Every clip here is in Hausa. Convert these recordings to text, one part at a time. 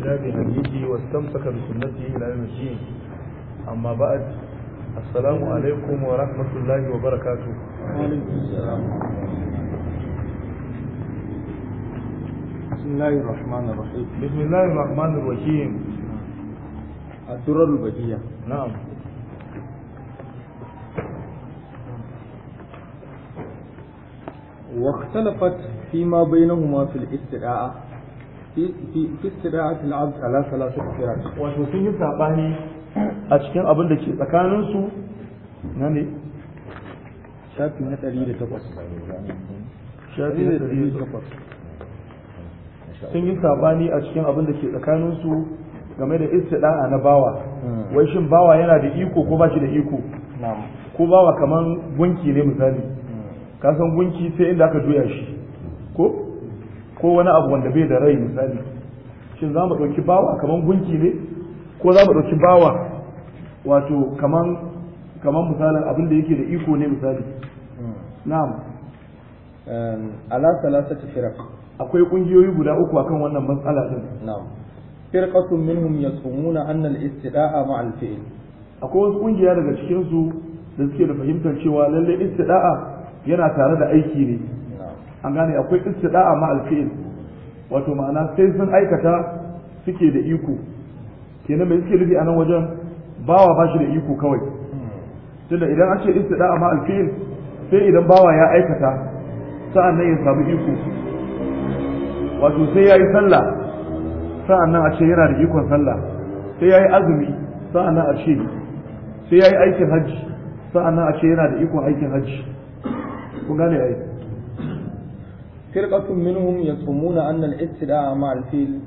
اهتدى بهديه واستمسك بسنته الى يوم الدين اما بعد السلام عليكم ورحمه الله وبركاته وعليكم السلام بسم الله الرحمن الرحيم بسم الله الرحمن الرحيم الدرر البجية نعم واختلفت فيما بينهما في الاستدعاء sun yi sabani a cikin abin da ke tsakanin su da ke game da istida'a na bawa wai shin bawa yana da iko ko ba shi da iko ko bawa kaman gunki ne misali kasan gunki sai inda aka juya shi ko wani abu wanda bai da rai misali shin za mu ɗauki bawa kamar gunki ne ko za mu ɗauki bawa wato kaman kaman misalin abin da yake da iko ne misali na'am ala salasati firaq akwai kungiyoyi guda uku akan wannan matsala din na'am firqatun minhum yasumuna anna al-istida'a ma'a al-fi'l akwai wasu kungiya daga cikin su da suke da fahimtar cewa lalle istida'a yana tare da aiki ne an gane akwai istida'a ma alfi'in, wato ma'ana sai sun aikata suke da iko kenan mai suke nufi a nan wajen bawa ba shi da iko kawai tunda idan an ce istida'a ma alfi'il sai idan bawa ya aikata sa'an nan ya samu iko wato sai ya yi sallah sa'an nan a ce yana da ikon sallah sai ya yi azumi sa'an nan a ce sai ya yi aikin hajji sa'an nan a ce yana da ikon aikin hajji kun gane aiki فرقة منهم يزعمون أن الاستدعاء مع الفيل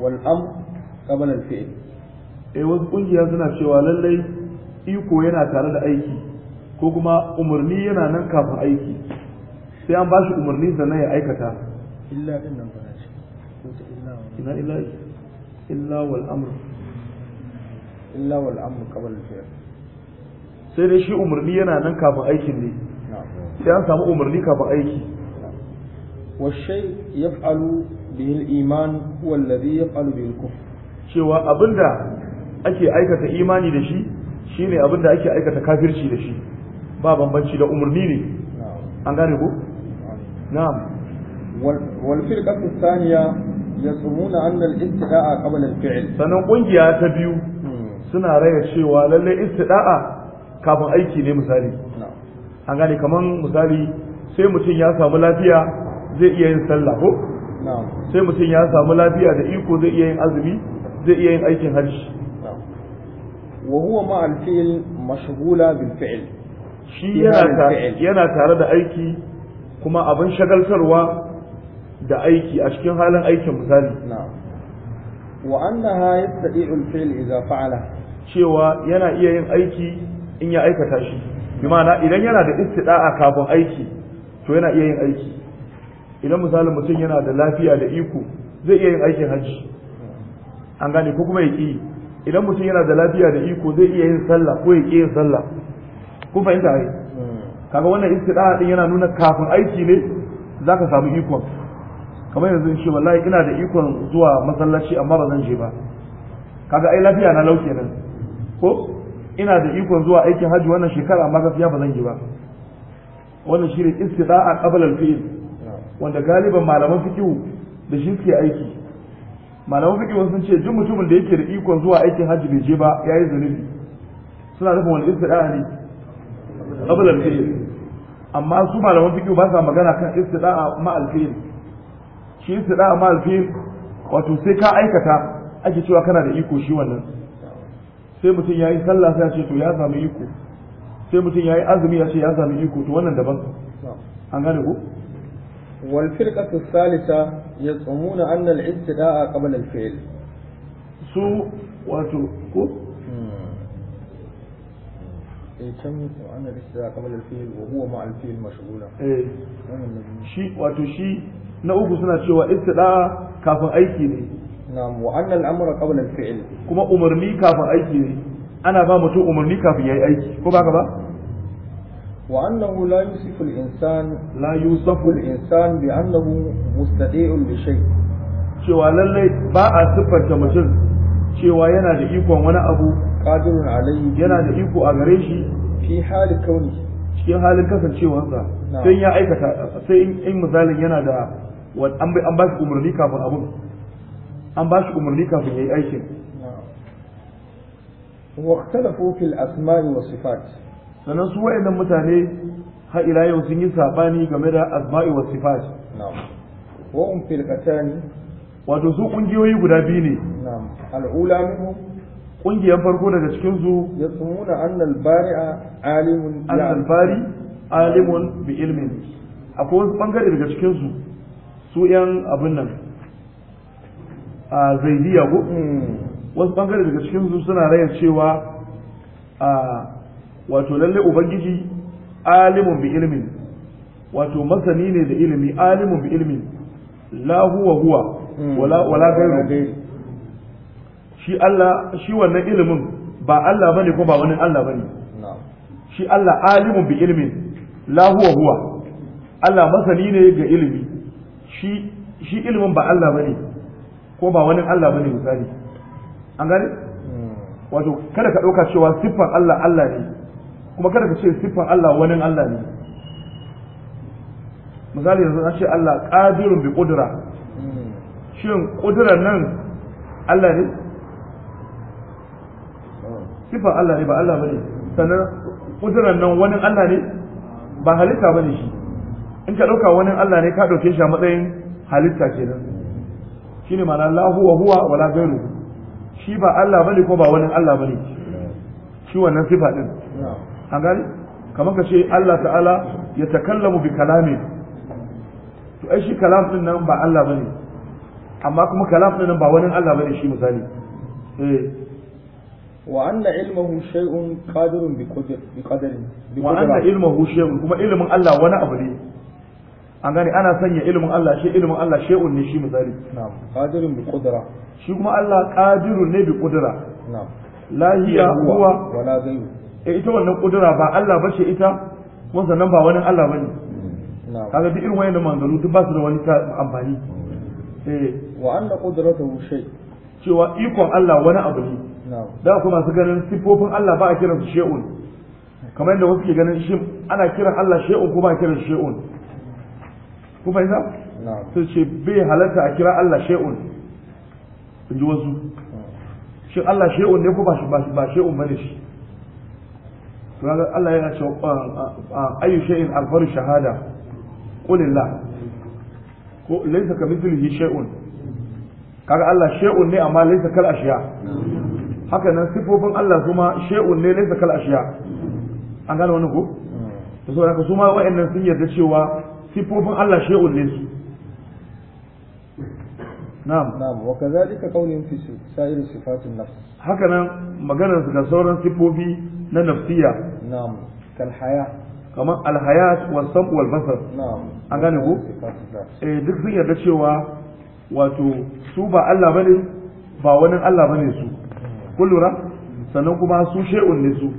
والأمر قبل الفيل. eh wasu kungiya suna cewa lallai iko yana tare da aiki ko kuma umarni yana nan kafin aiki sai an ba shi umarni sannan ya aikata إلا إلا والأمر إلا والأمر ina illa sai dai shi umarni yana nan kafin aikin ne sai an samu umarni kafin aiki والشيء يفعل به الإيمان هو الذي يفعل به الكفر cewa abinda ake aikata imani da shi shine abinda ake aikata kafirci da shi ba bambanci da umarni ne an gane ko na'am wal firqatu ya yasumuna anna al istida'a qabla al fi'l sanan kungiya ta biyu hmm. suna raya cewa lallai istida'a kafin aiki ne misali an gane kaman misali sai mutum ya samu lafiya zai iya yin sallah ko sai mutum ya samu lafiya da iko zai iya yin azumi zai iya yin aikin hajji wa huwa ma al-fi'l mashghula bil fi'l shi yana tare da aiki kuma abin shagaltarwa da aiki a cikin halin aikin misali wa annaha yastati'u al-fi'l idza fa'ala cewa yana iya yin aiki in ya aikata shi bi ma'ana idan yana da istida'a kafin aiki to yana iya yin aiki idan misalin mutum yana da lafiya da iko zai iya yin aikin hajji an gane ko kuma ya ƙi idan mutum yana da lafiya da iko zai iya yin sallah ko ya ƙi yin sallah kun fahimta ai kaga wannan istida'a din yana nuna kafin aiki ne zaka samu ikon kamar yanzu shi wallahi ina da ikon zuwa masallaci amma ba zan je ba kaga ai lafiya na lauke nan ko ina da ikon zuwa aikin hajji wannan shekara amma gaskiya ba zan je ba wannan shi ne istida'a qabla al-fi'l wanda galiban malaman fikihu da shi suke aiki malaman fikihu sun ce duk mutumin da yake da ikon zuwa aikin hajji bai je ba ya yi zunubi suna nufin wani istida'a ne qabla al amma su malaman fikihu ba sa magana kan istida'a ma al shi istida'a ma al wato sai ka aikata ake cewa kana da iko shi wannan sai mutum ya yi sallah sai ya ce to ya samu iko sai mutum ya yi azumi ya ce ya samu iko to wannan daban an gane ko والفرقة الثالثة يزعمون أن الابتداء قبل الفعل su wato ko hmm. eh can ana risa eh. wato shi na uku suna cewa istida kafin aiki ne na'am wa anna al-amra qabla al kuma umarni kafin aiki ne ana ba mutum umarni kafin yi aiki ko baka ba وأنه لا يوصف الإنسان لا يوصف الإنسان بأنه مستديع بشيء cewa lallai ba a siffanta mutum cewa yana da ikon wani abu qadirun alayhi yana da iko a gare shi fi hali kauni cikin halin kasancewarsa sai ya aikata sai in misalin yana da an ba umarni kafin abun an ba shi umarni kafin yayi aikin واختلفوا في الأسماء والصفات sannan su wa'annan mutane har ila yau sun yi sabani game da asma'i wa sifat wa um firqatani wato su kungiyoyi guda biyu ne na'am ula minhum kungiyan farko daga cikin su yasmuna anna al-bari'a alimun anna al-bari alimun bi ilmin akwai wasu bangare daga cikin su su yan abin nan a zaidiya ko hmm. wasu bangare daga cikin su suna rayar cewa a wato lalle ubangiji alimun bi ilmin wato masani ne da ilimi alimun bi ilmin la huwa huwa hmm. wala wala gairu shi Allah shi wannan ilimin ba Allah bane ko ba wani Allah bane shi Allah alimun bi ilmin la huwa huwa Allah masani ne ga ilimi shi shi ilimin ba Allah bane ko ba wani Allah bane misali an gane hmm. wato kada ka dauka cewa siffar Allah Allah ne kuma kada ka ce siffar Allah wani Allah ne misali yanzu an ce Allah ƙadirin bi qudra shin ƙudura nan Allah ne siffar Allah ne ba Allah bane sannan ƙudura nan wani Allah ne ba halitta bane shi in ka ɗauka wani Allah ne ka ɗauke shi a matsayin halitta shi ne ma'ana la huwa huwa wala ghairu shi ba Allah bane ko ba wani Allah bane shi wannan siffa ɗin. an gani kamar ka ce Allah ta'ala ya takallamu bi kalami to ai shi kalam din nan ba Allah bane amma kuma kalam din nan ba wani Allah bane shi misali eh wa anna ilmuhu shay'un qadirun bi qadarin wa anna ilmuhu shay'un kuma ilmin Allah wani abu ne an gani ana sanya ilmin Allah shi ilimin Allah shay'un ne shi misali na'am qadirun bi qudra shi kuma Allah qadirun ne bi qudra na'am la hiya huwa wala ghayru e ita wannan kudura ba Allah bace ita kuma sannan ba wani Allah bane kaga duk irin da manzaru duk ba su da wani amfani eh wa anna qudratuhu shay cewa ikon Allah wani abu ne da ku masu ganin sifofin Allah ba a su shay'un kamar yadda wasu ke ganin shi ana kiran Allah shay'un ko ba a kiran shay'un ku fahimta su ce bai halarta a kira Allah shay'un in ji wasu shin Allah shay'un ne ko ba shay'un bane shi Allah yana cewa ah, ah, ah, ayu shay'in alfaru shahada qulillah ko laysa kamithlihi shay'un kaga Allah shay'un ne amma laysa kal ashiya haka nan sifofin Allah kuma shay'un ne laysa kal ashiya an gane wannan ko to saboda haka su ma wa'annan sun yarda cewa sifofin Allah shay'un ne su na'am na'am wa kadhalika qawlun fi sa'ir sifatun nafs haka nan maganar ga sauran sifofi na nafsiya kamar al hayat wal sam wal basar eh, duk sun yarda cewa wato su ba Allah bane ba Allah bane su sannan kuma su ne su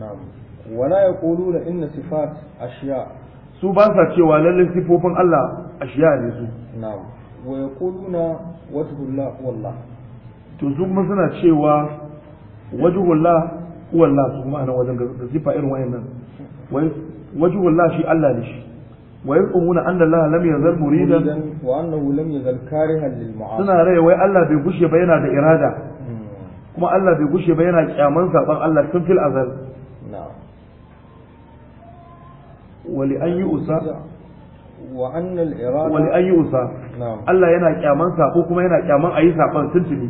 نعم ولا يقولون إن صفات أشياء su ba sa cewa lallai sifofin Allah a ashiya ne su na'am wa yaquluna wajhullah wallah to su kuma suna cewa waje wajhullah wallah su kuma ana wajen da sifa irin wayannan Waje wajhullah shi Allah ne shi wa yaquluna anna Allah lam yazal muridan wa annahu lam yazal karihan lil mu'amala suna rai wai Allah bai gushe ba yana da irada hmm. kuma Allah bai gushe ba yana kyaman saban Allah tun fil azal na'am wali an yi usa wa an yi usa Allah yana kyaman sako kuma yana kyaman ayi sakon tuntuni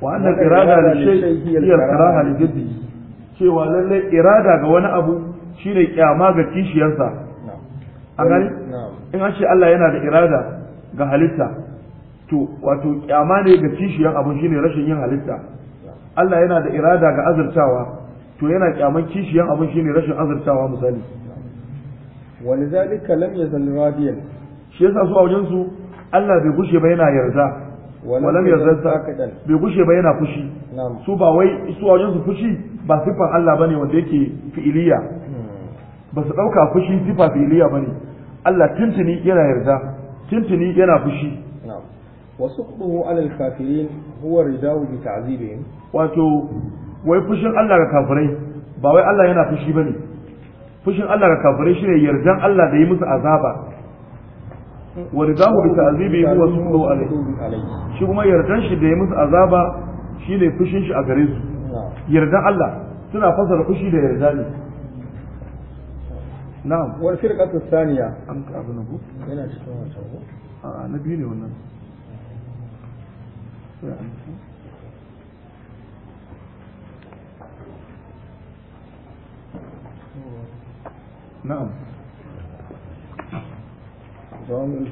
wa annal irada li shay'i hiya al-karaha li irada ga wani abu shine kyama ga kishiyarsa in Allah yana da irada ga halitta to wato kyama ne ga kishiyar abu shine rashin yin halitta Allah yana da irada ga azurtawa to yana kyaman kishiyan abin shine rashin azurtawa misali ولذلك لم يزل راضيا shi yasa su a wajen su Allah bai gushe ba yana yarda walam yarda bai gushe ba yana fushi su ba wai su a wajen su fushi ba sifan Allah bane wanda yake fi'iliya ba su dauka fushi sifa fi'iliya bane Allah tuntuni yana yarda tuntuni yana fushi wa suqbuhu ala al-kafirin huwa ridawu bi ta'zibihim wato wai fushin Allah ga kafirai ba wai Allah yana fushi bane fushin Allah ga kafirai shine yardan Allah da yi musu azaba wa ridahu bi ta'zibi huwa subhanahu alayhi shi kuma yardan shi da yi musu azaba shine fushin shi a gare su yardan Allah suna fasara fushi da yarda ne na'am wal firqatu thaniya an ka abu nagu yana cikin wannan a na biyu ne wannan نعم جامع نعم.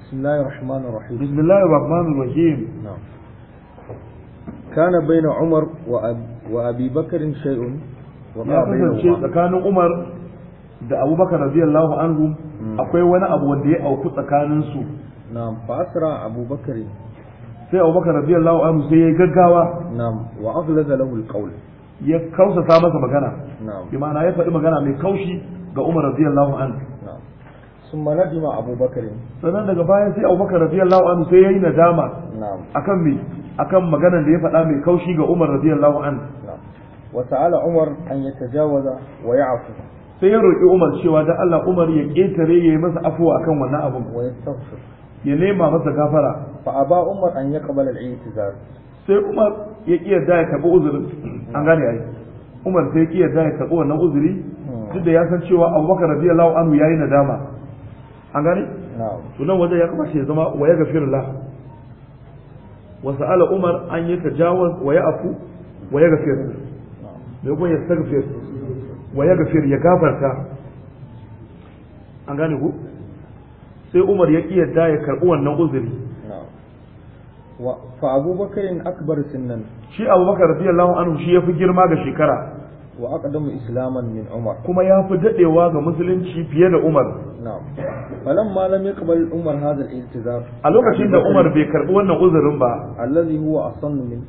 بسم الله الرحمن الرحيم بسم الله الرحمن الرحيم نعم كان بين عمر وأبي بكر شيء ya kasance tsakanin umar da abubakar radiyallahu anhu hmm. akwai wani abu wanda ya auku tsakanin su na'am fa asra abubakar sai abubakar radiyallahu anhu sai ya gaggawa na'am wa aghlaza lahu alqawl ya kausasa masa magana na'am bi ma'ana ya faɗi magana mai kaushi ga umar radiyallahu anhu na'am summa nadima abubakar sannan daga baya sai abubakar radiyallahu anhu sai yayi nadama akan me akan maganar da ya faɗa mai kaushi ga umar radiyallahu anhu wa ta'ala umar an ya tajawaza wa ya afu. sai ya roki umar cewa da Allah umar ya ketare yayi masa afuwa akan wannan abun wa tafsir. ya nema masa gafara fa aba umar an yaqbala al-i'tizar sai umar ya ki da ya tabi uzuri. an gane ai umar sai ya ki da ya tabi wannan uzuri hmm. duk da ya san cewa abubakar radiyallahu anhu yayi nadama an gane sunan wajen ya kamata ya zama wa ya gafirullah wa sa'ala umar an ya yatajawaz wa ya afu, wa yaghfir da kuma ya stagfir wa ya gafir ya gafarta an gane ku sai umar ya kiyarda ya karɓi wannan uzuri fa abubakarin akbar sinnan shi abubakar radiyallahu anu shi ya fi girma ga shekara wa aqdamu islaman min umar kuma ya fi dadewa ga musulunci fiye da umar na'am falan ma lam yaqbal umar hadha al-iltizam a lokacin da umar bai karbi wannan uzurin ba allazi huwa asannu min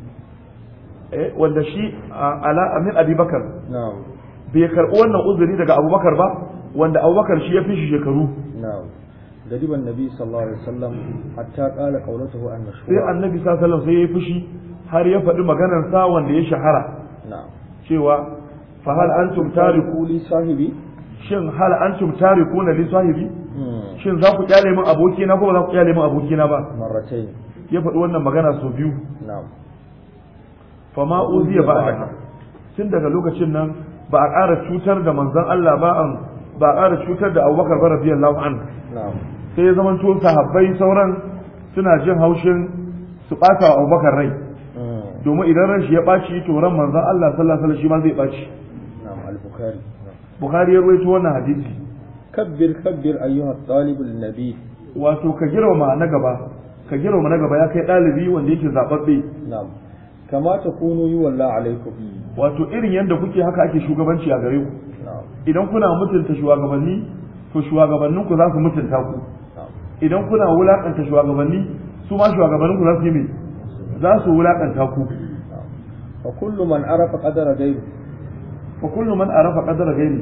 Eh, wanda shi ala amin abubakar bai karɓi wannan uzuri daga abubakar ba wanda abubakar shi ya fi shi shekaru غضب النبي صلى الله عليه وسلم حتى قال قولته عن sai annabi sallallahu alaihi wasallam sai ya fushi har ya faɗi maganar sa wanda ya shahara na'am cewa fa hal antum tariku li sahibi shin hal antum tariku li sahibi hmm. shin za ku kyale min aboki na ko ba za ku kyale min aboki na ba marratai ya faɗi wannan magana so biyu na'am fa ma uziya ba haka tun daga lokacin nan ba a ƙara cutar da manzon Allah ba an ba a ƙara cutar da Abubakar ba radiyallahu an sai ya zama to sahabbai sauran suna jin haushin su ɓata wa Abubakar rai mm. domin idan ran shi ya ɓaci to ran manzon Allah sallallahu alaihi wasallam shi ma zai ɓaci al-Bukhari Bukhari ya rawaito wannan hadisi kabbir kabbir ayyuha talib nabi wato ka girma na gaba ka girma na gaba ya kai dalibi wanda yake zababbe na'am kamata ta kunu yi walla alaikum wato irin yadda kuke haka ake shugabanci a gare ku idan kuna mutunta shugabanni to shugabannin ku za su mutunta ku idan kuna wulakanta shugabanni su ma shugabannin ku za su yi mai za su wulakanta ku fa kullu man arafa qadara gairi fa kullu man arafa qadara gairi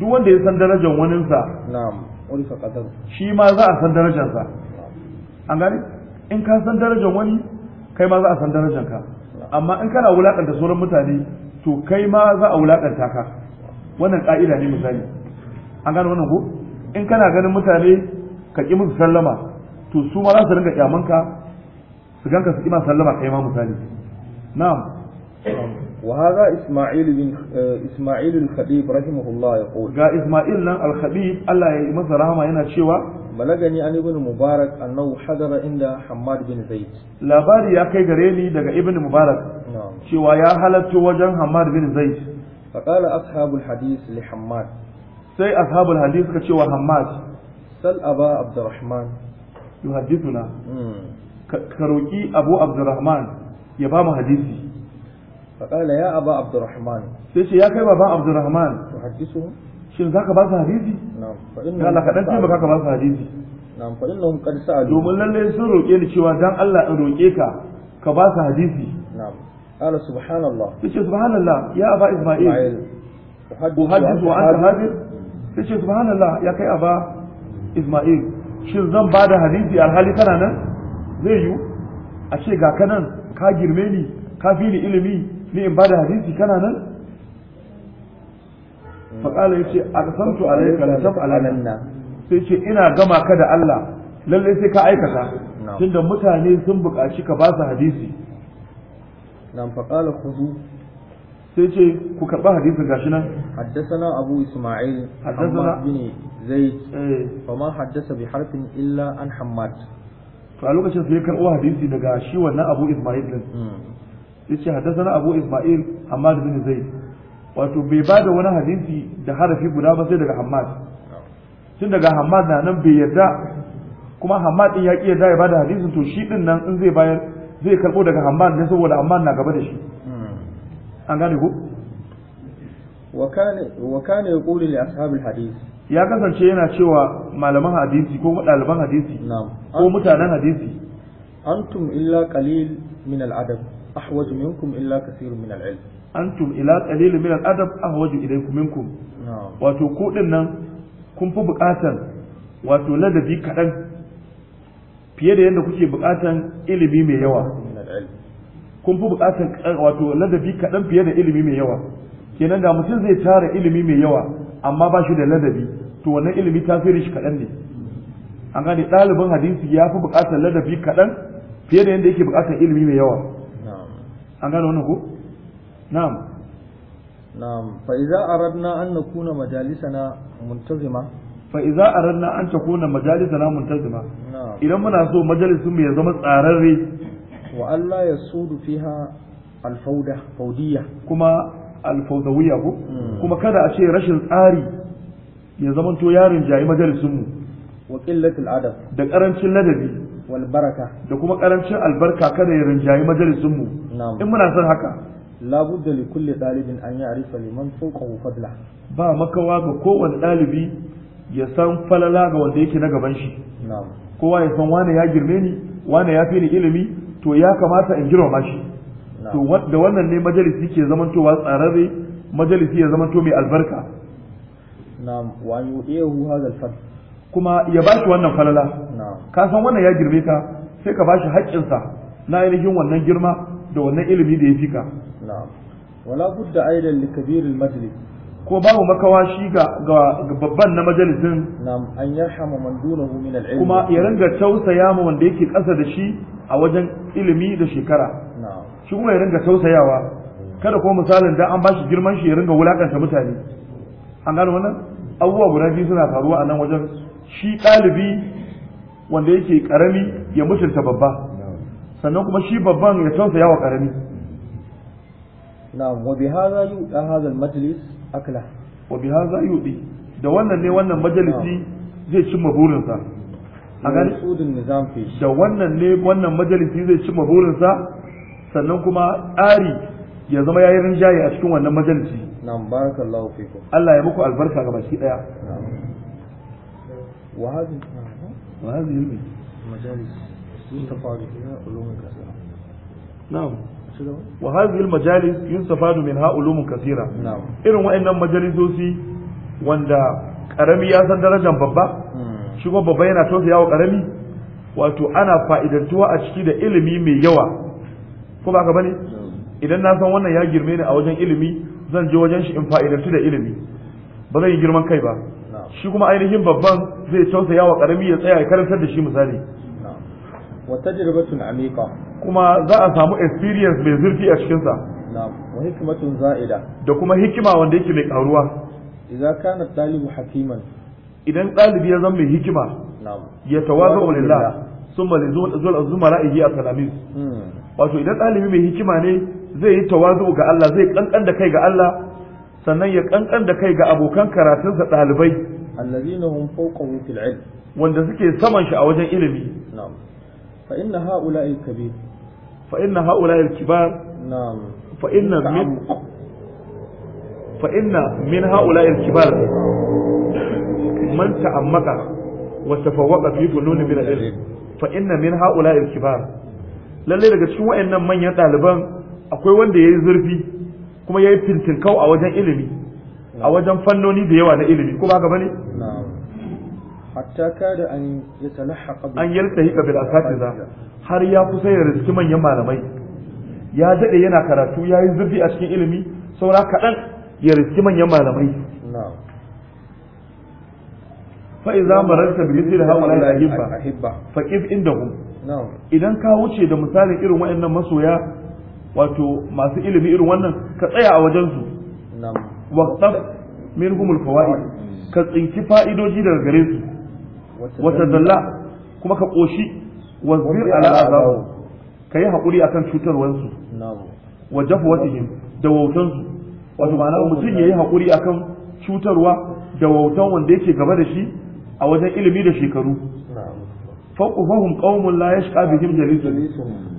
duk wanda ya san darajar wanin sa na'am urifa qadara shi ma za a san darajar sa an gane in ka san darajar wani kai ma za a san darajar ka amma in kana wulakanta sauran mutane to kai ma za a wulakanta ka wannan ka'ida ne misali an gano wannan ko in kana ganin mutane ka ki musu sallama to su ma za su rinka kyamanka su ganka su ki ma sallama kai ma misali na'am وهذا إسماعيل بن إسماعيل الخبيب رحمه الله يقول جاء إسماعيل لن الخبيب الله يمز رحمه هنا شوى بلغني عن ابن مبارك أنه حضر عند حماد بن زيد لا باري يا كي غريني دغ ابن مبارك نعم شوى يا حلت وجن حماد بن زيد فقال أصحاب الحديث لحماد سي أصحاب الحديث كشوى حماد سل أبا عبد الرحمن يحدثنا كروكي أبو عبد الرحمن يبام حديثي فقال يا أبا عبد الرحمن سيشي يا كيف أبا عبد الرحمن تحدثهم شن ذاك باس حديثي نعم فإنهم قال لك أنت بكاك باس حديثي نعم فإنهم قد سألوا دوم لله سن روكي لي cewa dan Allah in roke ka ka ba su hadisi na'am قال سبحان الله سيشي سبحان الله يا أبا إسماعيل أحدث وأنت حاضر سيشي سبحان الله يا كيف أبا إسماعيل shin zan ba da hadisi alhali kana nan zai yiwu a ce ga kanan ka girme ni ka fi ni ilimi ni in bada hadisi kana nan fa kala yace aqsamtu alayka la taf'ala lana sai yace ina gama ka da Allah lalle sai ka aikata tunda mutane sun buƙaci ka ba su hadisi nan fa kala khudu sai yace ku karba hadisi gashi nan haddathana abu isma'il haddathana bin zaid eh. fa ma haddatha bi harfin illa an hammad to a lokacin sai ya karbo hadisi daga shi wannan abu isma'il din hmm. yace hadathana abu isma'il hamad bin zaid wato bai ba da wani hadisi da harafi guda ba sai daga hamad tun daga hamad na nan bai yarda kuma hamad din ya ki yarda ya bada hadisin to shi din nan in zai bayar zai karbo daga hamad ne saboda hamad na gaba da shi hmm. an gane ko wa kana yaqulu li ashabil hadisi. ya kasance yana cewa malaman hadisi ko ɗaliban hadisi ko mutanen hadisi antum illa qalil min al-adab أحوج منكم إلا كثير من العلم أنتم إلى قليل من wato ku nan kun fi buƙatar wato ladabi kaɗan fiye da yadda kuke buƙatar ilimi mai yawa kun fi buƙatar wato ladabi kaɗan fiye da ilimi mai yawa kenan da mutum zai tara ilimi mai yawa amma ba da ladabi to wannan ilimi tasirin shi kaɗan ne an gane ɗalibin hadisi ya fi buƙatar ladabi kaɗan fiye da yadda yake buƙatar ilimi mai yawa an gano wannan ko na'am na'am fa idza aradna an nakuna majalisana muntazima fa idza aradna an takuna majalisana muntazima idan muna so majalisin mu ya zama tsararre wa Allah ya sudu fiha alfauda faudiyya kuma alfaudawiyya ko hmm. kuma kada a ce rashin tsari ya zamanto yarin jayi majalisin mu wa qillatul adab da karancin ladabi wal baraka da kuma karancin albarka kada ya rinjayi majalisin mu in muna son haka la budda li kulli talibin an ya'rifa liman fawqahu fadla ba makawa ga kowanne dalibi ya san falala ga wanda yake na gaban shi kowa ya san wane ya girme ni wane ya fi ni ilimi to ya kamata in girma shi to da wannan ne majalisi ke zamantowa tsararre majalisi ya zamanto mai albarka na'am wa yu'ehu hadha al kuma ya bashi wannan falala ka san wannan ya girme ka sai ka bashi haƙƙinsa na ainihin wannan girma da wannan ilimi da ya ka. wala budda aidan li kabiril majlis ko babu makawa shi ga babban na majalisin nam an yarhama man dunahu min al kuma ya ringa tausaya ma wanda yake ƙasa da shi a wajen ilimi da shekara shi kuma ya ringa tausayawa kada kuma misalin da an bashi girman shi ya ringa wulakanta mutane an gano wannan abubuwa guda biyu suna faruwa a nan wajen shi ɗalibi wanda yake karami ya mutunta babba sannan kuma shi babban ya tausaya wa karami na'am wa bi hadha yu'ta hadha al-majlis akla wa bi hadha yu'ti da wannan ne wannan majalisi zai cimma burinsa a gani da wannan ne wannan majalisi zai cimma burinsa sannan kuma tsari ya zama yayin rinjaye a cikin wannan majalisi na'am barakallahu fiku Allah ya muku albarka ga baki daya na'am wa hadha وهذه المجالس يستفاد منها علوم كثيرة نعم وهذه المجالس يستفاد منها علوم كثيرة نعم ya san darajar babba shi babba yana tausaya wa karami wato ana fa'idantuwa a ciki da ilimi mai yawa ko ba ka bane idan na san wannan ya girme ni a wajen ilimi zan je wajen shi in fa'idantu da ilimi ba zan yi girman kai ba shi kuma ainihin babban zai tausaya wa karami ya tsaya ya karantar da shi misali wa tajribatun amika kuma za a samu experience mai zurfi a cikin sa na'am wa hikmatun za'ida da kuma hikima wanda yake mai karuwa Idan kana talibu hakiman idan talibi ya zama mai hikima na'am ya tawazu lillah summa lizul zumara'ihi a talamis hmm. wato idan talibi mai hikima ne zai yi tawazu ga Allah zai kankan da kai ga Allah sannan ya kankan da kai ga abokan karatunsa ɗalibai allazina hum fawqahu fil ilm wanda suke saman shi a wajen ilimi na'am fa inna ha'ula'i kabir fa inna ha'ula'i kibar na'am fa inna min fa inna min ha'ula'i al-kibar man ta'ammaka wa tafawwaqa fi funun min al-ilm fa inna min ha'ula'i al-kibar lalle daga cikin wayannan manyan ɗaliban akwai wanda yayi zurfi kuma yayi fintinkau a wajen ilimi a wajen fannoni da yawa na ilimi ko ba gaba bane hatta kada an yatalahaq an yaltahiqa bil asatiza har ya kusa ya riski manyan malamai ya dade yana karatu ya yi zurfi a cikin ilimi saura kaɗan ya riski manyan malamai fa idza mararta bi mithli haula ahibba fa kif indahum idan ka wuce da misalin irin wayannan masoya wato masu ilimi irin wannan ka tsaya a wajen su waqtab minhum alfawaid ka tsinki fa'idoji daga gare su wata dalla kuma ka koshi wazbir ala azab kai hakuri akan cutarwansu wa jafwatihim da wautansu wato ma'ana mutum yayi hakuri akan cutarwa da wautan wanda yake gaba da shi a wajen ilimi da shekaru faqufahum qaumun la yashqa bihim jalisun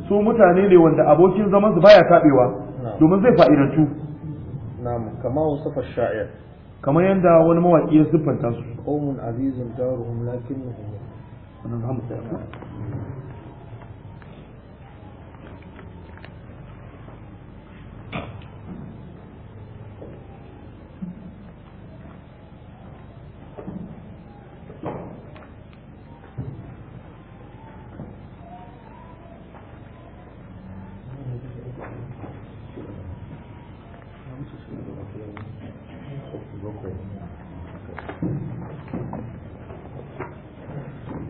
su mutane ne wanda abokin zaman su baya tabewa domin zai fa'idantu namu kama wasafa sha'ir kamar yadda wani mawaƙi ya siffanta su qaumun azizun daruhum lakinnahum wannan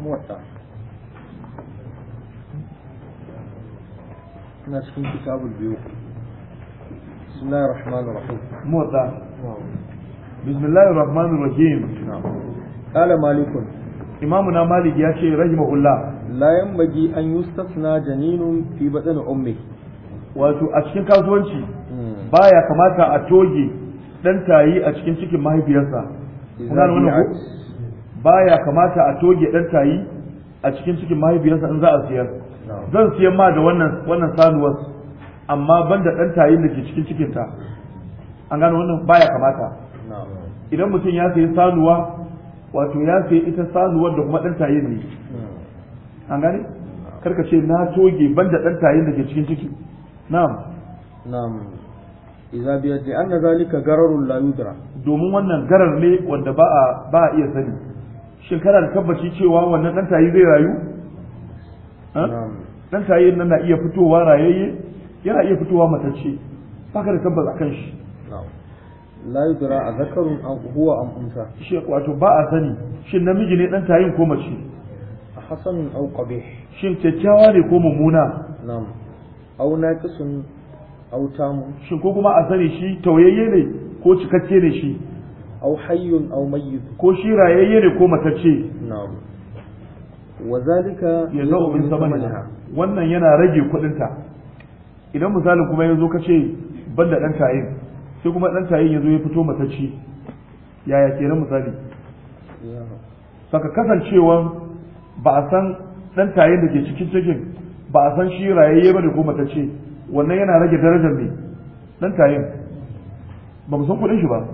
موطا احنا في كتاب البيوت بسم الله الرحمن الرحيم موطا بسم الله الرحمن الرحيم قال مالك إمامنا مالك يا شيخ رحمه الله لا ينبغي أن يستثنى جنين في بطن wato a cikin kasuwanci baya kamata a toge dan tayi a cikin cikin mahaifiyarsa baya kamata a toge dan tayi a cikin cikin mahaifiyarsa in za a siyar zan siyan ma da wannan wannan sanuwar amma banda dan tayin da ke cikin cikin ta an gano wannan baya kamata idan mutum ya sayi sanuwa wato ya sayi ita sanuwar da kuma dan tayin ne an gane karka ce na toge banda dan tayin da ke cikin ciki na'am na'am idza bi yadi anna zalika gararun la yudra domin wannan garar ne wanda ba a ba a iya sani shin kana da tabbaci cewa wannan dan tayi zai rayu dan tayi nan na iya fitowa rayayye yana iya fitowa matacce baka da tabbas akan shi la yudra a zakarun an huwa an unsa shi wato ba a sani shin namiji ne dan tayi ko mace hasanun au qabih shin kyakkyawa ne ko mummuna na'am au naqisun auta mu shin ko kuma a sani shi tauyayye ne ko cikakke ne shi aw hayyun aw mayyit ko shi rayayye ne ko matacce na'am wa zalika yazu min thamaniha wannan yana rage kudin ta idan misalin kuma yazo kace banda dan tayin sai kuma dan tayin yazo ya fito matacce yaya kenan misali saka kasancewan ba a san dan tayin da ke cikin cikin ba a san shi rayayye bane ko matacce wannan yana rage darajar ne dan tayin ba mu san kuɗin shi ba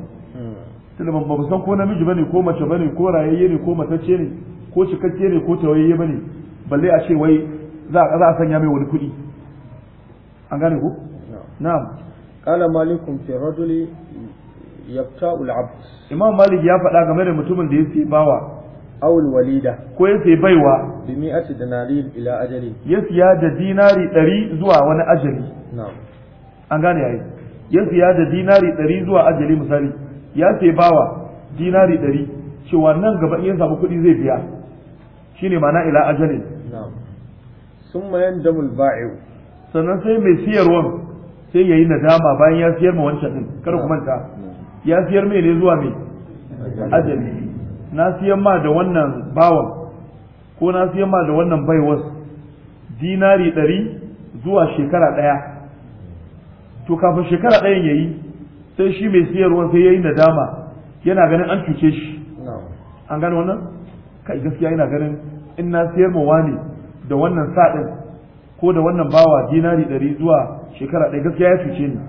tunda ba mu san ko namiji bane ko mace bane ko rayayye ne ko matacce ne ko cikakke ne ko tawayayye bane balle a ce wai za a sanya mai wani kuɗi an gane ku na'am qala malikum fi rajuli yabta'u al-abd imam malik ya faɗa game da mutumin da ya bawa awul walida ko ya sai baiwa bi mi'ati dinarin ila ajali ya siya da dinari 100 zuwa wani ajali an gane yayi ya siya da dinari 100 zuwa ajali misali ya sai dinari 100 cewa nan gaba in ya samu kuɗi zai biya shine ma'ana sannan sai mai siyarwan sai yi nadama bayan ya siyar ma wancan din kada ku manta ya siyar mai ne zuwa mai ajali na siyan ma da wannan bawan ko na siyan ma da wannan baiwar dinari ɗari zuwa shekara ɗaya to kafin shekara ɗayan ya yi sai shi mai siyarwa sai ya yi nadama yana ganin an cuce shi an gane wannan kai gaskiya yana ganin in na siyar ma wani da wannan saɗin ko da wannan bawa dinari ɗari zuwa shekara ɗaya gaskiya ya cuce ni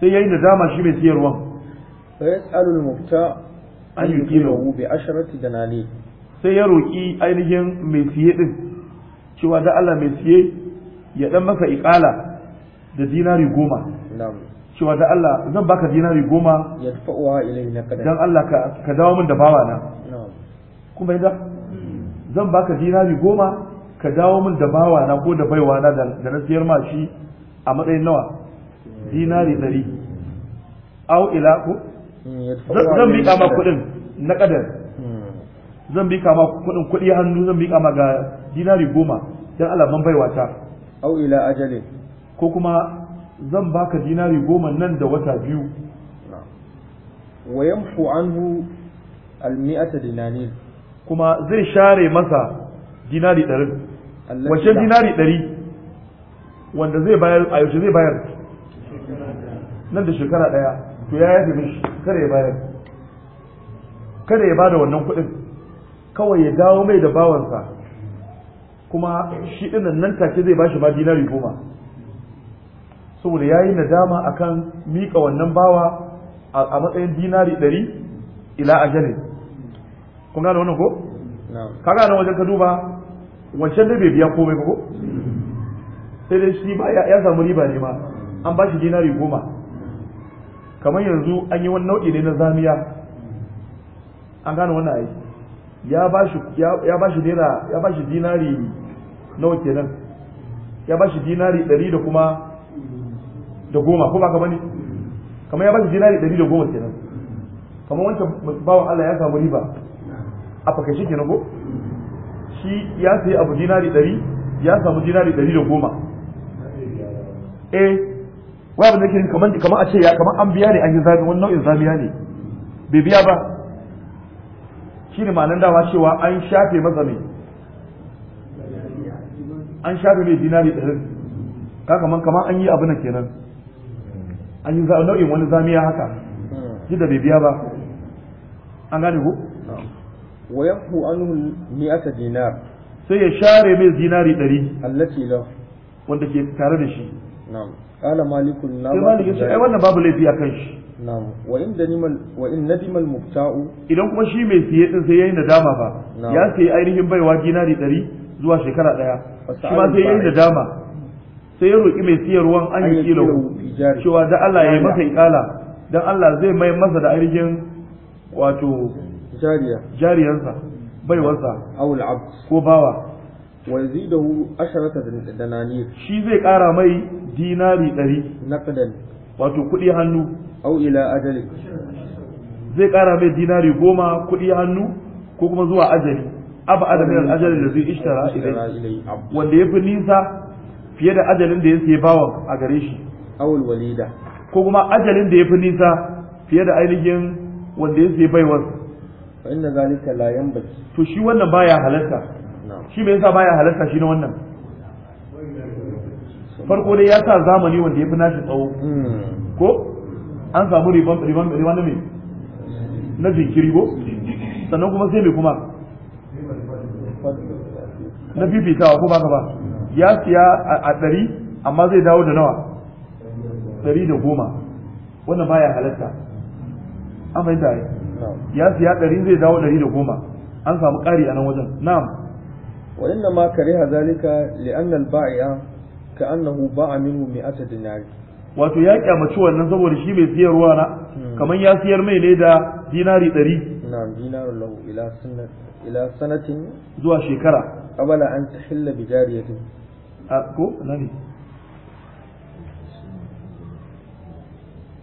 sai ya yi nadama shi mai siyarwa alul المبتاع an yi bi asharati janani sai ya roki ainihin mai siye din cewa da Allah mai siye ya dan masa iqala da dinari goma cewa da Allah zan baka dinari goma ya ilayna kada dan Allah ka ka dawo min da bawa na kuma yanda zan baka dinari goma ka dawo min da bawa na ko da baiwa na da na siyar ma shi a matsayin nawa dinari 100 au ila ku. zan miƙa ma kuɗin na ƙadar zan miƙa ma kuɗin kuɗi hannu zan miƙa ma ga dinari goma dan Allah ban baiwa ta au ila ajali ko kuma zan baka dinari goma nan da wata biyu wa yamfu anhu al mi'ata dinani kuma zai share masa dinari ɗari wacce dinari ɗari wanda zai bayar a yaushe zai bayar nan da shekara ɗaya to ya yafe mishi kada ya bayar kada ya bada wannan kuɗin kawai ya dawo mai da bawansa kuma shi ɗin nan take zai bashi ma dinari goma saboda ya yi nadama akan miƙa wannan bawa a matsayin dinari ɗari ila ajalin kun gane wannan ko ka gane wajen ka duba wancan da bai biya komai ba ko sai dai shi ba ya samu riba ne ma an ba shi dinari goma kamar yanzu an yi wani nau'i ne na zamiya an gane wannan ai ya ba shi ya ba shi dina ya ba shi dinari nawa kenan ya ba shi dinari 100 da kuma da goma ko ba ka bane kamar ya ba shi dinari 100 da goma kenan kamar wancan bawan Allah ya samu riba a fakashi kenan ko shi ya sayi abu dinari 100 ya samu dinari da goma eh wa abin da ke kamar kamar a ce ya kamar an biya ne an yi zami wani nau'in zamiya ne bai biya ba shi ne ma'anar dawa cewa an shafe maza ne an shafe mai dinari ɗarin ka kamar kamar an yi abu na kenan an yi nau'in wani zamiya haka shi da bai biya ba an gane ku wa yahu anhu mi'ata dinar sai ya share mai dinari ɗari allati lahu wanda ke tare da shi sai ai babu laifi a shi idan kuma shi mai siye din sai yayin nadama ba ya sayi ainihin baiwa dinari dari zuwa shekara daya shi ma sai yayin dama sai ya roki mai siyarwan an yi kilo cewa da Allah ya yi masa ikala dan Allah zai mai masa da ainihin wato jariyarsa baiwarsa aul ko bawa wanzidahu asharata dananir shi zai kara mai dinari 100 naqdan wato kudi hannu au ila ajali zai kara mai dinari goma kudi hannu ko kuma zuwa ajali aba adamin al-ajali da zai ishtara ilai wanda yafi nisa fiye da ajalin da ya sai bawa a gare shi awul walida ko kuma ajalin da yafi nisa fiye da ainihin wanda ya sai baiwar fa inna zalika la yanbaghi to shi wannan baya halarta shi mai yasa baya halarta shi na wannan farko dai ya sa zamani wanda ya fi nashi tsawo ko an samu riban riban riban na na jinkiri ko sannan kuma sai mai kuma na fifitawa ko baka ba ya siya a ɗari amma zai dawo da nawa ɗari da goma wannan baya halarta an fahimta ya siya ɗari zai dawo ɗari da goma an samu ƙari a nan wajen na'am وإنما كره ذلك لأن البائع كأنه باع منه 100 دينار wato ya kyamaci wannan saboda shi mai siyarwa na hmm. kamar ya siyar mai ne da dinari ɗari na'am dinaru lahu ila sanatin zuwa shekara abala an tahilla bi jariyatin a ko nani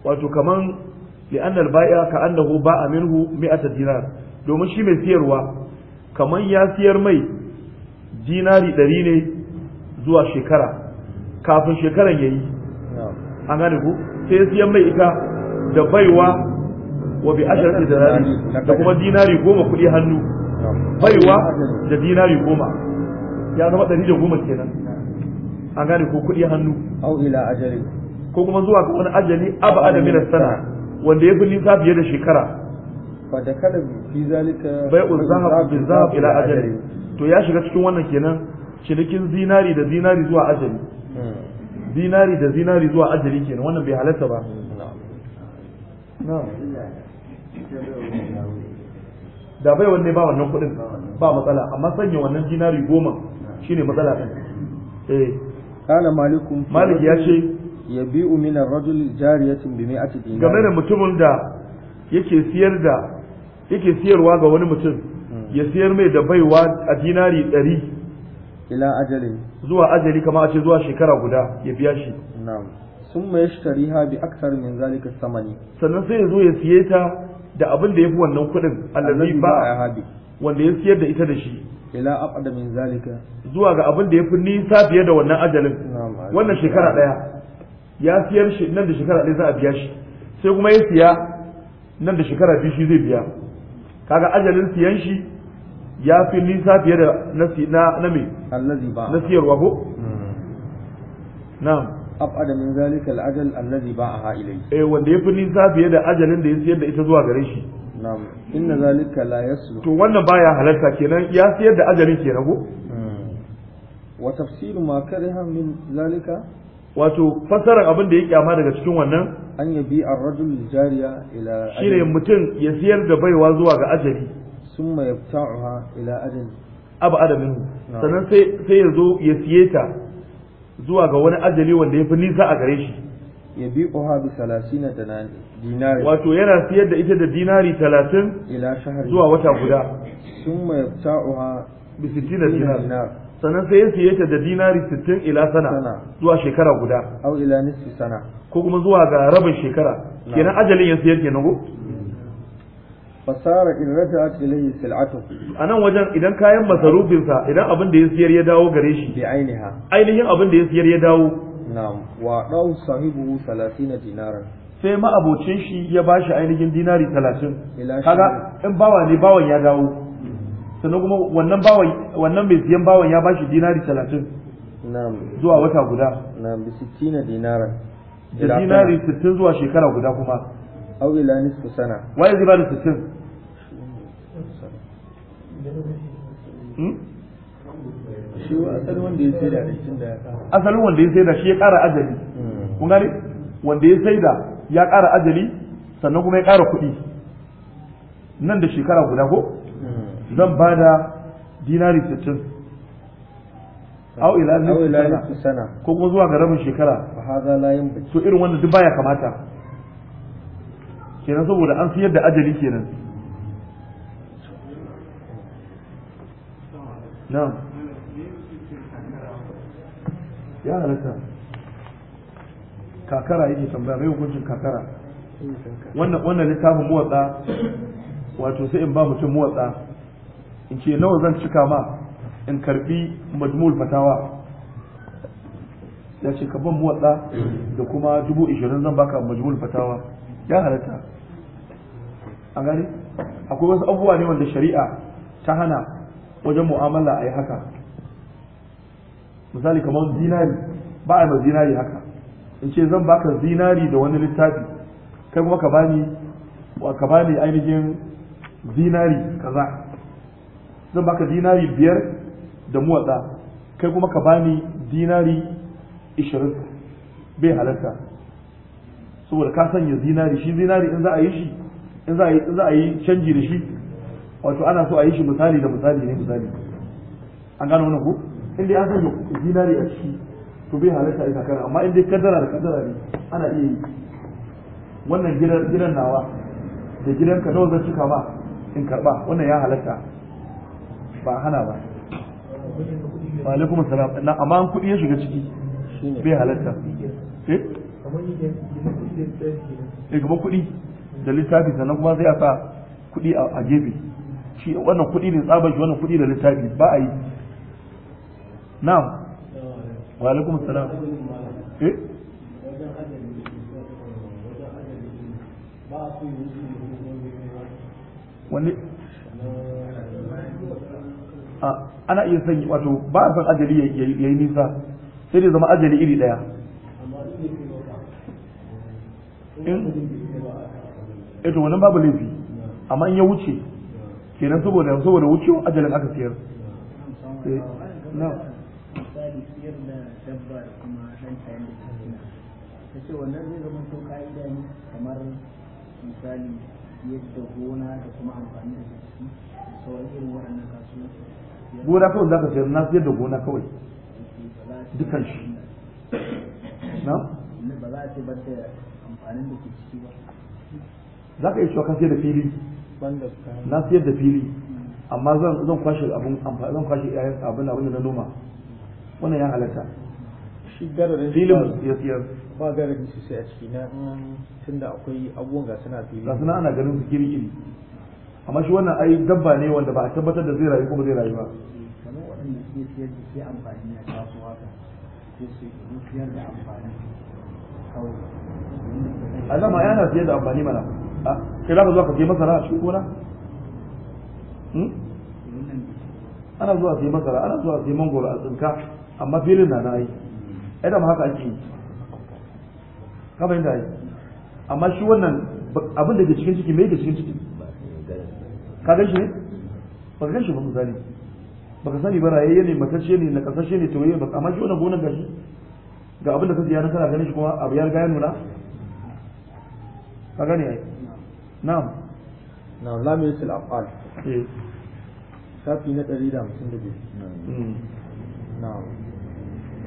wato kaman li anna al ka annahu ba'a minhu mi'ata dinar domin shi mai siyarwa kaman ya siyar mai dinari ɗari ne zuwa shekara kafin shekaran ya yi an gane ku sai siyan mai ita da baiwa wa bi ashirar dinari da kuma dinari goma kuɗi hannu baiwa da dinari goma ya zama ɗari da goma kenan an gane ko kuɗi hannu au ila ajali ko kuma zuwa ga wani ajali aba da sana wanda ya fi nisa fiye da shekara fa da kada fi zalika bai'u zahab bi zahab ila ajali to ya shiga cikin wannan kenan cinikin zinari da zinari zuwa ajali zinari da zinari zuwa ajali kenan wannan bai halatta ba da bai wanne ba wannan kuɗin ba matsala amma sanya wannan zinari goma shine matsala ɗin eh kana malikum malik ya ce ya bi min rajul jariyatin bi mi'ati dinar game da mutumin da yake siyar da yake siyarwa ga wani mutum ya siyar mai da baiwa a dinari ɗari ila ajali zuwa ajali kama a ce zuwa shekara guda ya biya shi na'am summa yashtariha bi akthar min zalika samani sannan sai ya zo ya siye ta da abin da fi wannan kuɗin allazi ba wanda ya siyar da ita da shi ila aqda min zalika zuwa ga abin da fi nisa fiye da wannan ajalin wannan shekara ɗaya ya siyar shi nan da shekara ɗaya za a biya shi sai kuma ya siya nan da shekara biyu shi zai biya kaga ajalin siyan shi ya fi nisa fiye da na na me na siyarwa ko na'am abada min zalika al-ajal allazi ba'aha ilayhi eh wanda fi nisa fiye da ajalin da ya siyar da ita zuwa gare shi na'am inna zalika la yaslu to wannan baya halarta kenan ya siyar da ajalin kenan ko hmm. wa tafsiru ma kariha min zalika wato fasaran abin da ya kyama daga cikin wannan an yabi ar-rajul jariya ila shine mutum ya siyar da baiwa zuwa ga ajali summa yabta'uha ila adin abu adamin sannan sai sai yazo ya siye ta zuwa ga wani ajali wanda yafi nisa a gare shi yabi yabi'uha bi 30 dinari wato yana siyar da ita da dinari 30 ila shahri zuwa wata guda summa yabta'uha bi 60 dinari sannan sai ya siye ta da dinari 60 ila sana zuwa shekara guda au ila nisfi sana ko kuma zuwa ga rabin shekara kenan ajalin ya siyar kenan go fasara in raja'at ilayhi sil'atu anan wajen idan kayan masarufin sa idan abin da ya siyar ya dawo gare shi bi ainiha ainihin abin da ya siyar ya dawo na'am wa dau sahibu 30 dinaran sai ma'abocin shi ya bashi ainihin dinari 30 kaga in bawa ne bawan ya dawo sannan kuma wannan bawan wannan mai siyan bawan ya bashi dinari talatin zuwa wata guda na'am bi sittina dinaran da dinari 60 zuwa shekara guda kuma au ila nisfu sana wai zai bada sittin hmm? shi wanda ya saida da tun asalin wanda ya saida shi ya kara ajali hmm. kun gane wanda ya saida ya kara ajali sannan kuma ya kara kuɗi nan da shekara guda ko hmm. zan ba da dinari 60 au ila su sana ko kuma zuwa ga rabin shekara fa hada la to irin wannan duk baya kamata kenan saboda an siyar da ajali kenan na'am ya halatta kakara yake tambaya mai hukuncin kakara wannan littafin motsa wato sai in ba mutum motsa in ce nawa zan cika ma in karbi majmul fatawa ya ce ka ban muwatsa da kuma dubu ishirin zan baka majmul fatawa ya halatta a gani akwai wasu abubuwa ne wanda shari'a ta hana wajen mu'amala a yi haka misali kamar zinari ba a yi zinari haka in ce zan baka zinari da wani littafi kai kuma ka bani ni ainihin zinari kaza zan baka dinari biyar da muwatsa kai kuma ka bani dinari ishirin bai halarta saboda ka sanya zinari shi zinari in za a yi shi in za a yi canji da shi wato ana so a yi shi misali da misali ne misali an gano wannan ko in dai an sanya zinari a ciki to bai halarta ita kana amma in dai kaddara da kaddara ne ana iya yi wannan gidan nawa da ka nawa zan cika ma in karba wannan ya halarta ba a hana ba wa kuma assalam na amma an kuɗi ya shiga ciki bai halatta eh gaba eh, kuɗi da littafi sannan kuma sai a sa kuɗi a gefe shi wannan kuɗi ne tsabar shi wannan kuɗi da littafi ba a yi na'am wa alaikum salam eh wani ana iya sanya wato ba a san ajali ya yi nisa sai dai zama ajali iri ɗaya. eh wannan babu laifi amma in ya wuce kenan saboda saboda wucewa ajalin aka siyar eh, na ce wannan zai zama to ka'ida kamar misali yadda gona da kuma amfani da jiki da sauran irin waɗannan kasuwanci gona kawai za ka sayar na sayar da gona kawai dukan shi na ba za a ce ba ta amfanin da ke ciki ba za ka yi shi ka sayar da fili na sayar da fili amma zan zan kwashe abun amfani zan kwashe ƴaƴan abin abin da na noma wannan ya halatta shi gararin filin ya siyar ba gararin sai a ciki na tunda akwai abubuwan ga suna fili ga suna ana ganin su kiri amma shi wannan ai dabba ne wanda ba a tabbatar da zai rayu ko ba zai rayu ba a zama yana siyar da amfani mana a kai za ka zuwa ka je masara a cikin gona hmm? ana zuwa sai masara ana zuwa sai mangoro a tsinka amma filin na na ai ai da haka ake ka fahimta ai amma shi wannan abin da ke cikin ciki mai ke cikin ciki ka gan shi ne ba ka gan shi ba misali ba ka sani ba rayayye ne matacce ne na kasashe ne tawaye ba amma shi wannan gonan gashi ga abin da ka ziyara kana ganin shi kuma abu ya riga ya nuna ka gane ai na'am na'am lamu yasil afal eh safi na 152 na'am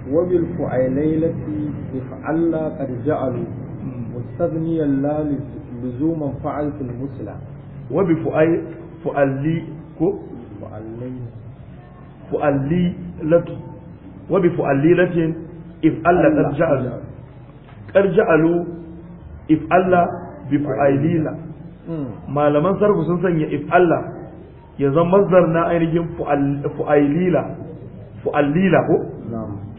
wabil fu'ailailati fu'alli ko fu'alli latu wa bi fu'alli latin if alla qad ja'ala qad ja'alu if alla bi fu'alila hmm. malaman sarfu sun sanya if alla ya zama mazdar na ainihin fu'alila fu'alila ko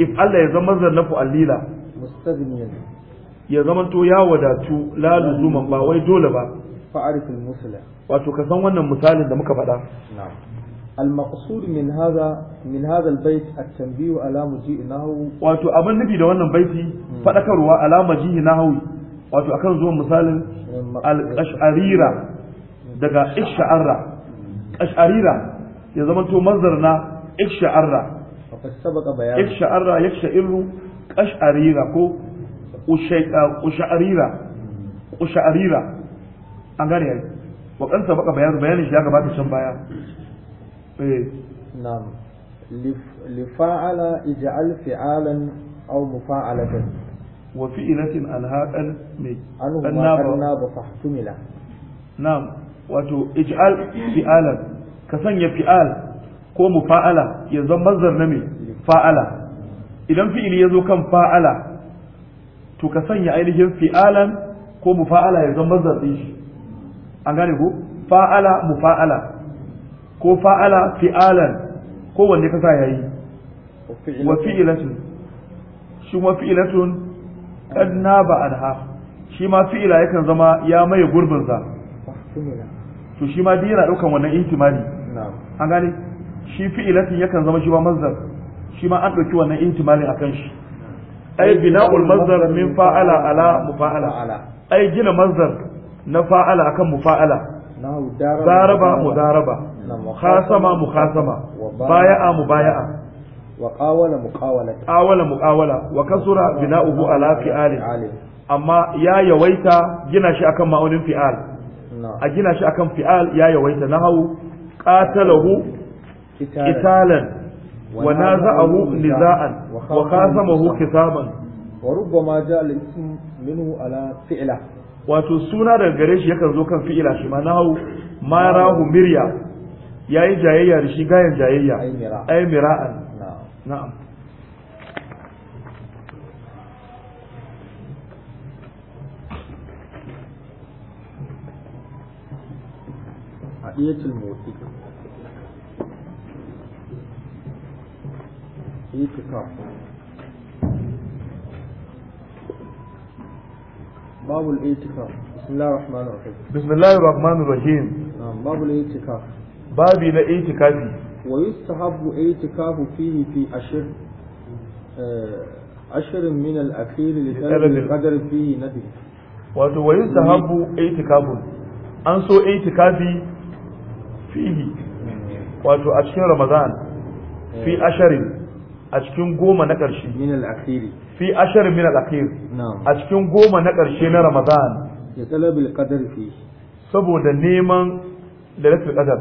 if alla ya zama mazdar na fu'alila mustadniyan ya zama to ya wadatu la luzuman ba wai dole ba fa'arifin musala wato ka san wannan misalin da muka faɗa المقصود من هذا من هذا البيت التنبيه على مجيء نحو wato abin nufi da wannan baiti hmm. fadakarwa ala majihi nahwi wato akan zuwan misalin al daga ish'arra hmm. qash'arira ya zama to manzar na ish'arra faqad sabaqa bayan ish'arra yaksha'irru ko hmm. uh, an gane wa baka bayanu bayanin shi ya gabata can baya eh na'am lifa'ala ij'al fi'alan aw mufa'alatan wa fi'latin alhaqan mai annaba fahtumila na'am wato ij'al fi'alan ka sanya fi'al ko mufa'ala yanzu manzar na me fa'ala idan fi'ili ya zo kan fa'ala to ka sanya ainihin fi'alan ko mufa'ala ya zama zarɗe shi an gane ko fa'ala mufa'ala ko fa'ala fi'alan ko wanne sa yayi wa fi'ilatun shi ma fi'ilatun kad ba anha shi ma fi'ila yakan zama ya maye gurbin sa to shi ma dina daukan wannan ihtimali an gane shi fi'ilatun yakan zama shi ma mazdar shi ma an dauki wannan ihtimalin akan shi ay bina'ul mazdar min fa'ala ala mufa'ala ay gina mazdar na fa'ala akan mufa'ala daraba mudaraba khasama mukhasama baya'a mu baya'a. wa qawala muqawala qawala muqawala wa kasura bina'uhu ala fi'ali amma ya yawaita gina shi akan ma'aunin fi'al a gina shi akan fi'al ya yawaita nahawu qatalahu qitalan wa naza'ahu niza'an wa khasamahu khisaman وربما جاء الاسم منه على فعله wato suna daga gare shi yakan zo kan fi'ila shi ma nahu marahu mirya yayi jayayya da shi gayan jayayya ay mira'an na'am hadiyatul mawti itikaf باب الاعتكاف بسم الله الرحمن الرحيم بسم الله الرحمن الرحيم نعم باب الاعتكاف بابي لا اعتكافي ويستحب اعتكاف فيه في أشر أشر من الأخير لطلب القدر فيه ندم wato wa yustahabu i'tikafun an so i'tikafi fihi wato a cikin ramadan fi asharin a cikin goma na ƙarshe min al-akhiri fi ashar min al-akhir a cikin goma na ƙarshe na Ramadan ya al qadar fi saboda neman lailatul qadar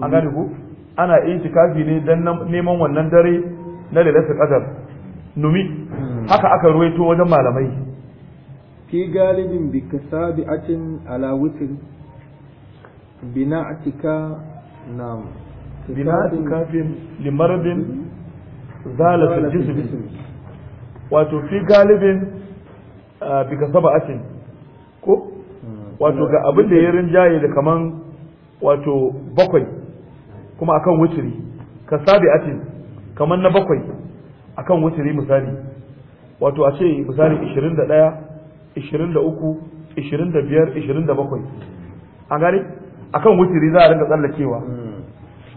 an gane ku ana itikafi ne dan neman wannan dare na da lailatul qadar numi hmm. haka aka ruwaito wajen malamai fi galibin bi atin ala wutin bina'atika nam bina'atika fi limaradin zalatul jism wato fi galibin bi saba ake ko wato ga abin da ya rinjaye da kaman wato bakwai kuma akan wuturi sabi ake kaman na bakwai akan wuturi misali wato a ce misali 21 23 25 27 a gane akan wuturi za a rinka tsallakewa hmm.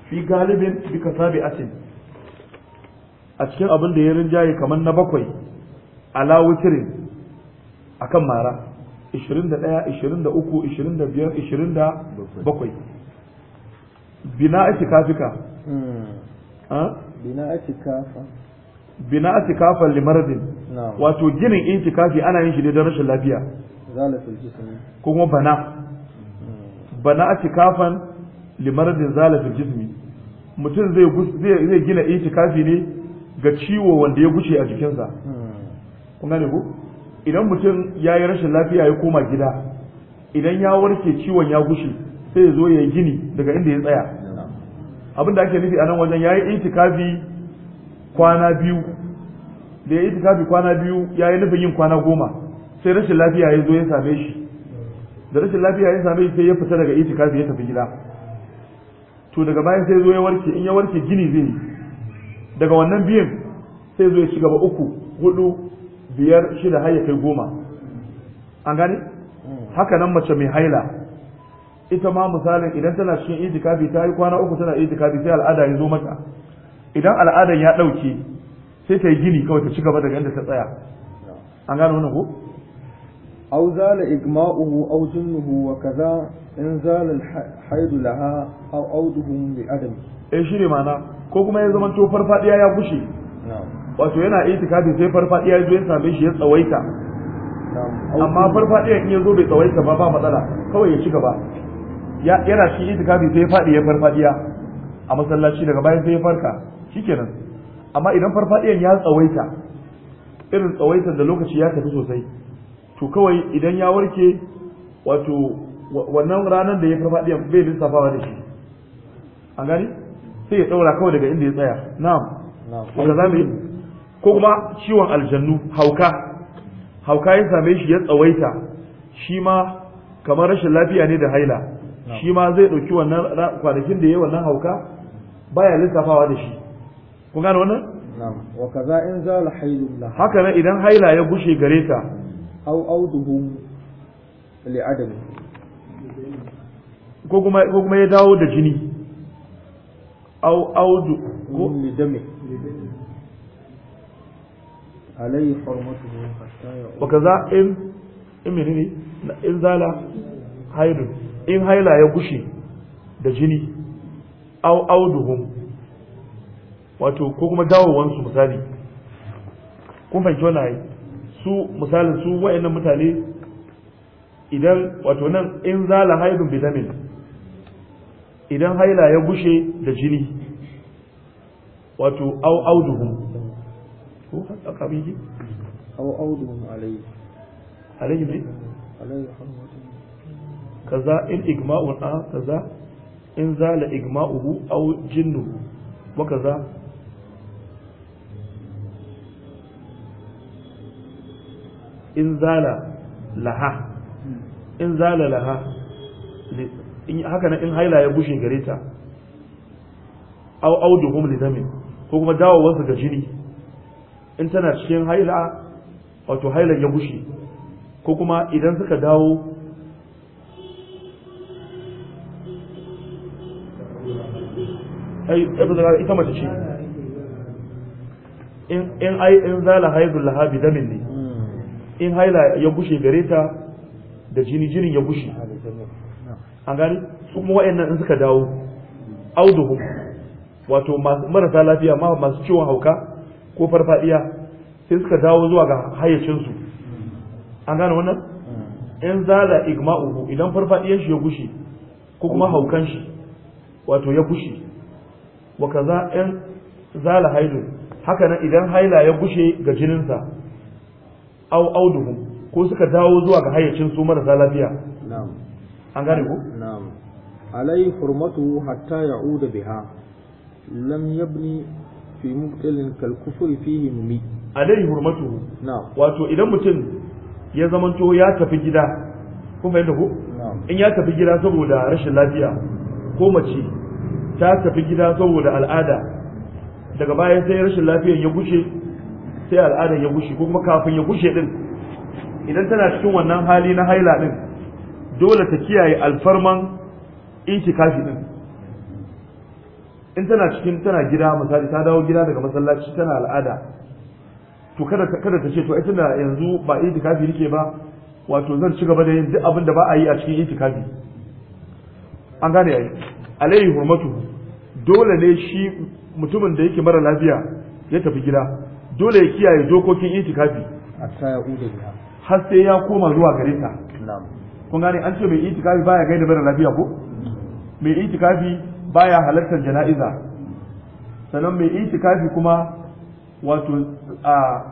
fi galibin bi a atin a cikin abin da ya rinjaye kamar na bakwai ala wutirin kan mara 21 23 25 27 bina itikafika hmm. ah? bina itikafa bina itikafan limaradin wato ginin kafi ana yin shi ne don rashin lafiya kuma bana hmm. bana itikafan limaradin zalafin jismi mutum zai gina kafi ne ga ciwo wanda ya guce a jikinsa hmm. kun gane ku idan mutum ya yi rashin lafiya ya koma gida idan ya warke ciwon ya gushe sai ya zo ya yi gini daga inda ya tsaya hmm. abin da ake nufi a nan wajen ya yi itikafi kwana biyu da ya yi itikafi kwana biyu ya yi nufin yin kwana goma sai rashin lafiya ya zo ya same shi da rashin lafiya ya same shi sai ya fita daga itikafi ya tafi gida to daga bayan sai zo ya warke in ya warke gini zai yi daga wannan biyun sai zo ya ci gaba uku hudu biyar shida har ya kai goma an gane haka nan mace mai haila ita ma misalin idan tana cikin itikafi ta yi kwana uku tana itikafi sai al'ada ya zo mata idan al'adan ya ɗauke sai ta yi gini kawai ta ci gaba daga inda ta tsaya an gane wannan ko أو زال إجماؤه أو جنه وكذا إن زال الحيض لها أو عوده لعدمه. إيش معناه؟ ko kuma ya zama to farfadiya ya gushe wato yana itikafi sai farfadiya ya zo ya same shi ya tsawaita amma farfadiya in ya zo bai tsawaita ba ba matsala kawai ya ci gaba yana shi itikafi sai ya faɗi ya farfadiya a masallaci daga bayan sai ya farka shikenan amma idan farfadiyan ya tsawaita irin tsawaita da lokaci ya tafi sosai to kawai idan ya warke wato wannan ranar da ya farfadiyan bai lissafawa da shi an gani sai ya daura kawai daga inda ya tsaya na'am haka za mu yi ko kuma ciwon aljannu hauka hauka ya same shi ya tsawaita shi ma kamar rashin lafiya ne da haila shi ma zai ɗauki wannan kwanakin da ya wannan hauka baya lissafawa da shi kun gane wannan wa kaza in za zala hailu haka nan idan haila ya gushe gare ta au duhu li adam ko kuma ko kuma ya dawo da jini أو أود لدمه عليه حرمته حتى يقول وكذا إن إن إن زال haidun in haila ya gushe da jini au auduhum wato ko kuma dawowansu misali kun fahimci wannan ai su misalin su wayannan mutane idan wato nan in zala haidun bidamin idan haila ya gushe da jini wato au auduhum ko haka abin ji au auduhum alayhi alayhi ne alayhi kaza in igma'u a kaza in zala igma'uhu au jinnu wa kaza in zala laha hmm. in zala laha in haka nan in haila ya bushe gare ta aw li damin ko kuma dawowarsa ga jini in tana cikin haila wato haila ya bushe ko kuma idan suka dawo ita mace ce in ai in zala haidul lahabi damin ne hmm. in haila ya bushe gare ta da jini jinin ya bushe an gani su kuma wayannan in suka dawo auduhum wato marasa lafiya ma masu ciwon hauka ko farfadiya sai suka dawo zuwa ga hayyacinsu an gane wannan in zala igma'uhu idan farfadiyan shi ya gushi ko kuma haukan shi wato ya gushi wa kaza in zala haidu haka nan idan haila ya gushe ga jininsa au auduhum ko suka dawo zuwa ga hayyacin su marasa lafiya na'am an gane ku na'am alai hurmatu hatta ya'uda biha lam yabni fi mubtalin kal kufri fihi mumi alai hurmatu na'am wato idan mutum ya zamanto ya tafi gida kun fahimta ku in ya tafi gida saboda rashin lafiya ko mace ta tafi gida saboda al'ada daga baya sai rashin lafiyar ya gushe sai al'adar ya gushe ko kuma kafin ya gushe din idan tana cikin wannan hali na haila din dole ta kiyaye alfarman itikafi din in tana cikin tana gida misali ta dawo gida daga masallaci tana al'ada to kada kada ta ce to ai tunda yanzu ba itikafi nake ba wato zan ci gaba da yin duk abin da ba a yi a cikin itikafi an gane yayi alaihi hurmatu dole ne shi mutumin da yake mara lafiya ya tafi gida dole ya kiyaye dokokin itikafi har sai ya koma zuwa gare ta na'am kun gane an ce mai itikafi baya da mara lafiya ko mai itikafi baya halartar jana'iza sannan mai itikafi kuma wato a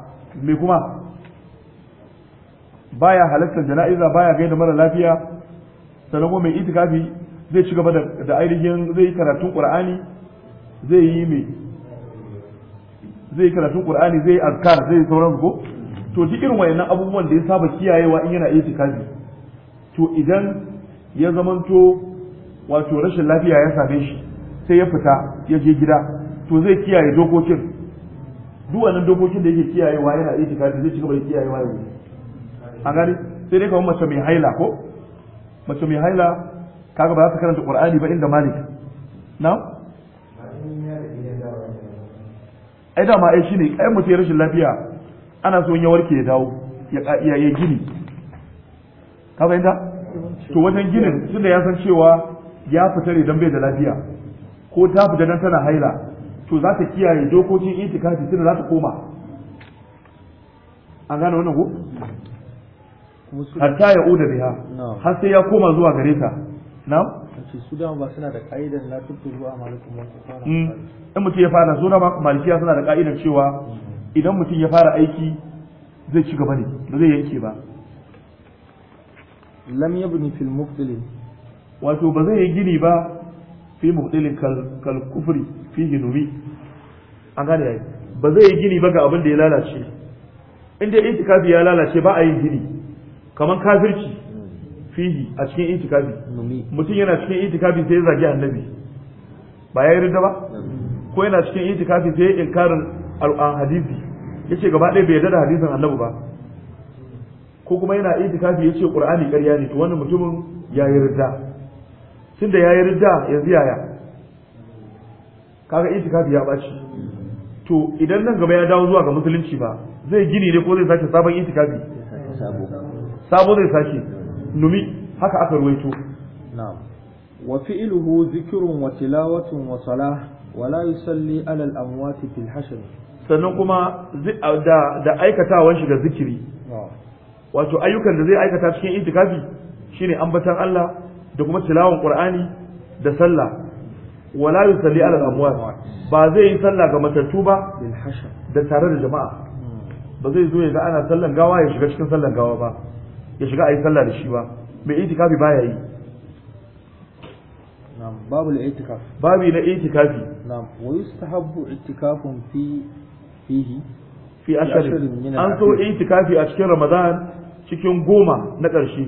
mai kuma baya halartar jana'iza baya da mara lafiya sannan kuma mai itikafi zai ci gaba da ainihin zai yi karatun qur'ani zai yi mai zai yi karatun qur'ani zai yi azkar zai sauran ko to duk irin wayannan abubuwan da ya saba kiyayewa in yana itikafi to idan ya zamanto wato rashin lafiya ya same shi sai ya fita ya je gida to zai kiyaye dokokin duk dokokin da yake kiyayewa yana iya tikafi zai ci gaba da kiyayewa yanzu a gani sai dai kamar mace mai haila ko mace mai haila kaga ba za ta karanta qur'ani ba inda malik na ai dama ai shine kai mutum ya rashin lafiya ana so ya warke ya dawo ya ya gini ka fahimta to wajen ginin tunda ya san cewa ya fita ne don bai da lafiya ko ta fita don tana haila to za ta kiyaye dokokin itikafi tunda za ta koma an gane wannan ko hatta ya uda biha har sai ya koma zuwa gare ta na ce su ba suna da ka'idar la tuttu a malikum mm. wa in mutum ya fara zuwa ba malikiya suna da ka'idar cewa mm. idan mutum ya fara aiki zai ci gaba ne ba zai yanke ba lam yabni fil mubtilin wato ba zai yi gini ba fi mubtilin kal kufri fi hinumi an gane yayi ba zai yi gini ba ga abin da ya lalace inda itikafi ya lalace ba a yi gini kaman kafirci fihi a cikin itikafi mutum yana cikin itikafi sai ya zagi annabi ba ya yi ba ko yana cikin itikafi sai ya inkarin al'an hadisi yace gaba ɗaya bai yarda da hadisin annabi ba ko kuma yana itikafi ce ƙur'ani ƙarya ne to wannan mutumin ya yi ridda da ya yi ridda yanzu yaya kaga itikafi ya ɓaci. to idan nan gaba ya dawo zuwa ga musulunci ba zai gini ne ko zai sake sabon itikafi sabo zai sake numi haka aka ruwaito na'am wa fi'luhu dhikrun wa tilawatun wa sala, wa la yusalli ala al-amwat fil hashr sannan kuma da da ga zikiri wato ayyukan da zai aikata cikin itikafi shine ambatan Allah da kuma tilawan Qur'ani da sallah wala yusalli ala al-amwat ba zai yi sallah ga matattu ba da tare da jama'a ba zai zo ya ga ana sallan gawa ya shiga cikin sallan gawa ba ya shiga ayi sallah da shi ba mai itikafi baya yi na'am babu al-itikaf babi na itikafi na'am wa yustahabbu itikafun fi fihi fi ashirin an so itikafi a cikin ramadan cikin goma na ƙarshe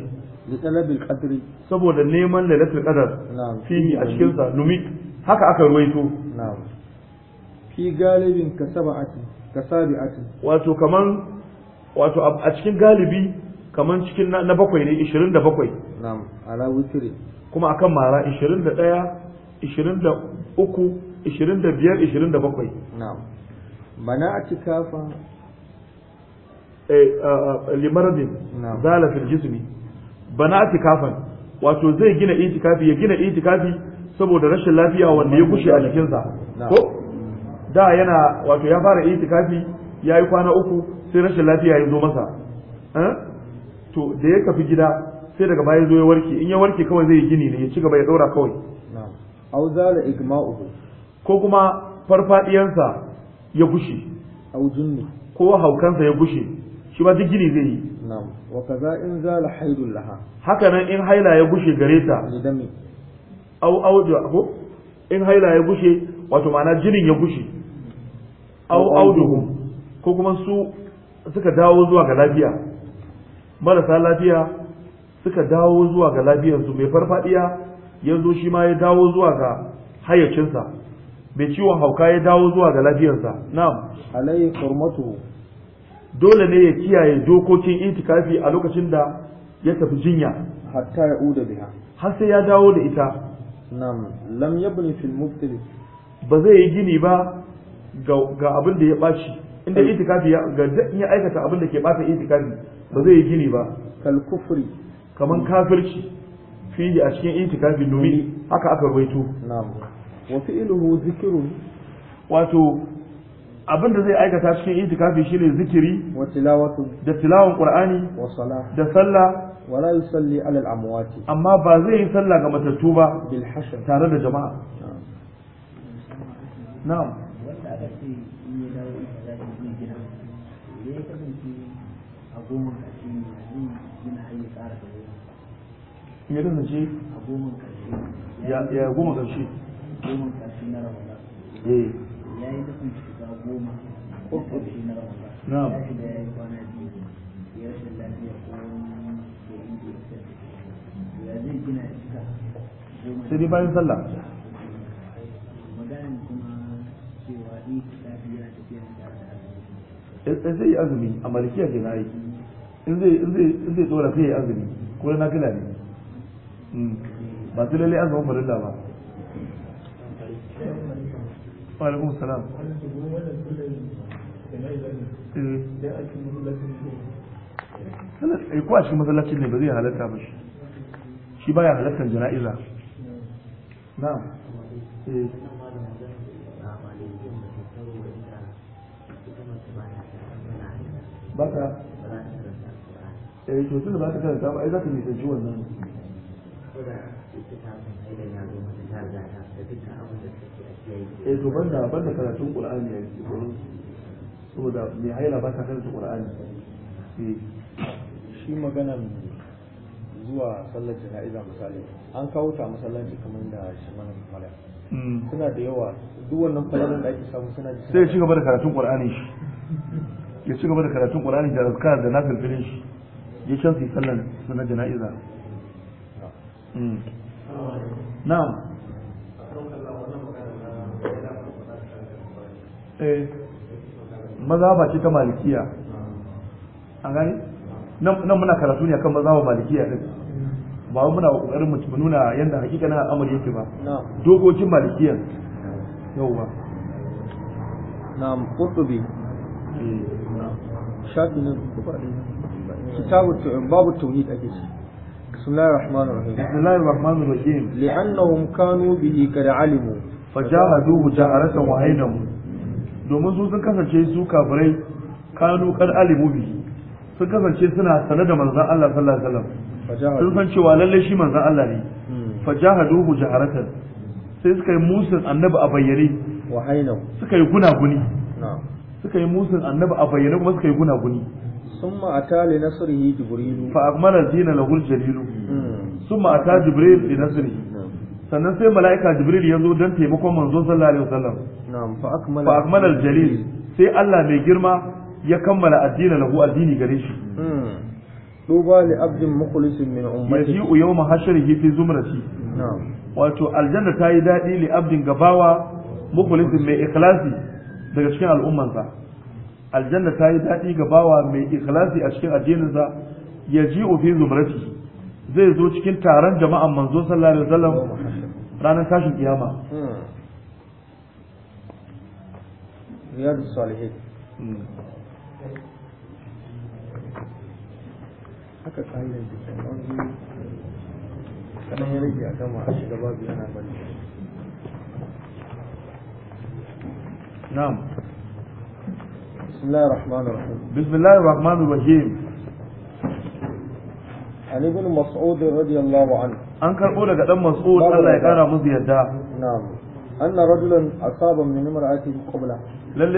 saboda neman lailatul ƙadar fihi a cikin sa haka aka ruwaito na'am fi galibin kasabati kasabiati wato kamar, wato a cikin galibi kamar cikin na bakwai ne 27 na'am ala witri kuma akan mara 21 23 25 27 na'am bana cikafa Eh, limaradin zala fil jismi bana itikafan wato zai gina itikafi ya gina itikafi saboda rashin lafiya wanda ya gushe a jikinsa ko da yana wato ya fara itikafi ya yi kwana uku sai rashin lafiya ya zo masa eh? to da ya kafi gida sai daga baya zo ya warke in ya warke kawai zai gini ne ya ci gaba ya daura kawai au zala igma'u ko kuma farfadiyansa ya gushe au junni ko haukansa ya gushe shi ba duk gini zai yi na'am wa kaza in zala haidul laha haka nan in haila ya gushe gare ta lidami au au ko in haila ya gushe wato ma'ana jinin ya gushe au au ko kuma su suka dawo zuwa ga lafiya marasa lafiya suka dawo zuwa ga lafiyarsu mai farfadiya yanzu shi ma ya dawo zuwa ga hayyacinsa mai ciwon hauka ya dawo zuwa ga lafiyarsa na'am alai hurmatu. dole ne ya kiyaye dokokin itikafi a lokacin da ya tafi jinya hatta ya uda biha har sai ya dawo da ita nam lam yabni fil mubtali ba zai yi gini ba ga abin da ya baci inda itikafi ya ga ya aikata abin da ke bata itikafi ba zai yi gini ba kal kufri kaman kafirci fi a cikin itikafi domin haka aka ruwaito nam wa fi'luhu zikrun wato abin da zai aikata cikin itikafi shine zikiri wa tilawatu da tilawan qur'ani da sallah wala yusalli ala al amma ba zai yi sallah ga matattu ba bil hashr tare da jama'a na'am ya kasance ya goma karshe goma na ramadan eh kwana goma ko ko ya yi ya bayan sallah maganin kuma eh, azumi a malikiya ke na yi in zai tsora sai azumi ko na hmm. ba azumin ba wa alaikum salam eh ko a cikin masallacin ne ba zai halatta ba shi shi ya halattar jana'iza na'am eh baka eh to tunda karanta ba ai za nisanci wannan ta ta e to banda banda karatun qur'ani ya ce gurin saboda mai haila ba ta karanta qur'ani eh. shi maganar zuwa sallar jana'iza misali an kawo ta masallaci kamar da shi mana fara hmm. suna da yawa duk wannan falalar da ake samu suna da sai ya gaba da karatun qur'ani shi ya ci gaba da karatun qur'ani da azkar da nafil filin shi ya can su sallar sunan jana'iza na'am hmm. Eh, ba ce ta malikiya an gani nan muna karatu ne akan ba malikiya din ba muna kokarin mu nuna yanda hakika na al'amari yake ba dokokin malikiya yauwa na'am qurtubi eh, shafi na kitabu babu tauhid ake shi بسم الله الرحمن الرحيم بسم الله الرحمن الرحيم لأنهم كانوا به قد علموا فجاهدوه جهرة وعينهم domin su sun kasance su kafirai kanu kan alimu bi sun kasance suna sane da manzan Allah sallallahu alaihi wasallam sun san cewa lalle shi manzan Allah ne hmm. fajahaduhu jaharatan sai suka yi musun annabi a bayyane suka yi guna guni. suka yi musun annabi a bayyane kuma suka yi guna guni. summa ata li nasrihi jibrilu fa akmala dina lahul jalilu hmm. summa ata jibril li nasrihi sannan sai mala'ika jibril ya zo don taimakon manzo sallallahu alaihi wasallam fa al jalil sai Allah mai girma ya kammala addini lahu addini gare shi hmm. duba li abdin mukhlisin min ummati yaji'u yawma hashrihi fi zumrati wato aljanna ta yi daɗi li abdin gabawa mukhlisin mai ikhlasi daga cikin al'ummansa aljanna ta yi a cikin addininsa zai zo cikin taron jama'an manzo sallallahu alaihi wasallam ranar tashin kiyama hmm. riyadu salihin hmm. haka da kanan ya rage a a an ibn mas'ud radiyallahu anhu an daga dan mas'ud Allah ya kara musu yadda na'am anna rajulan asaba min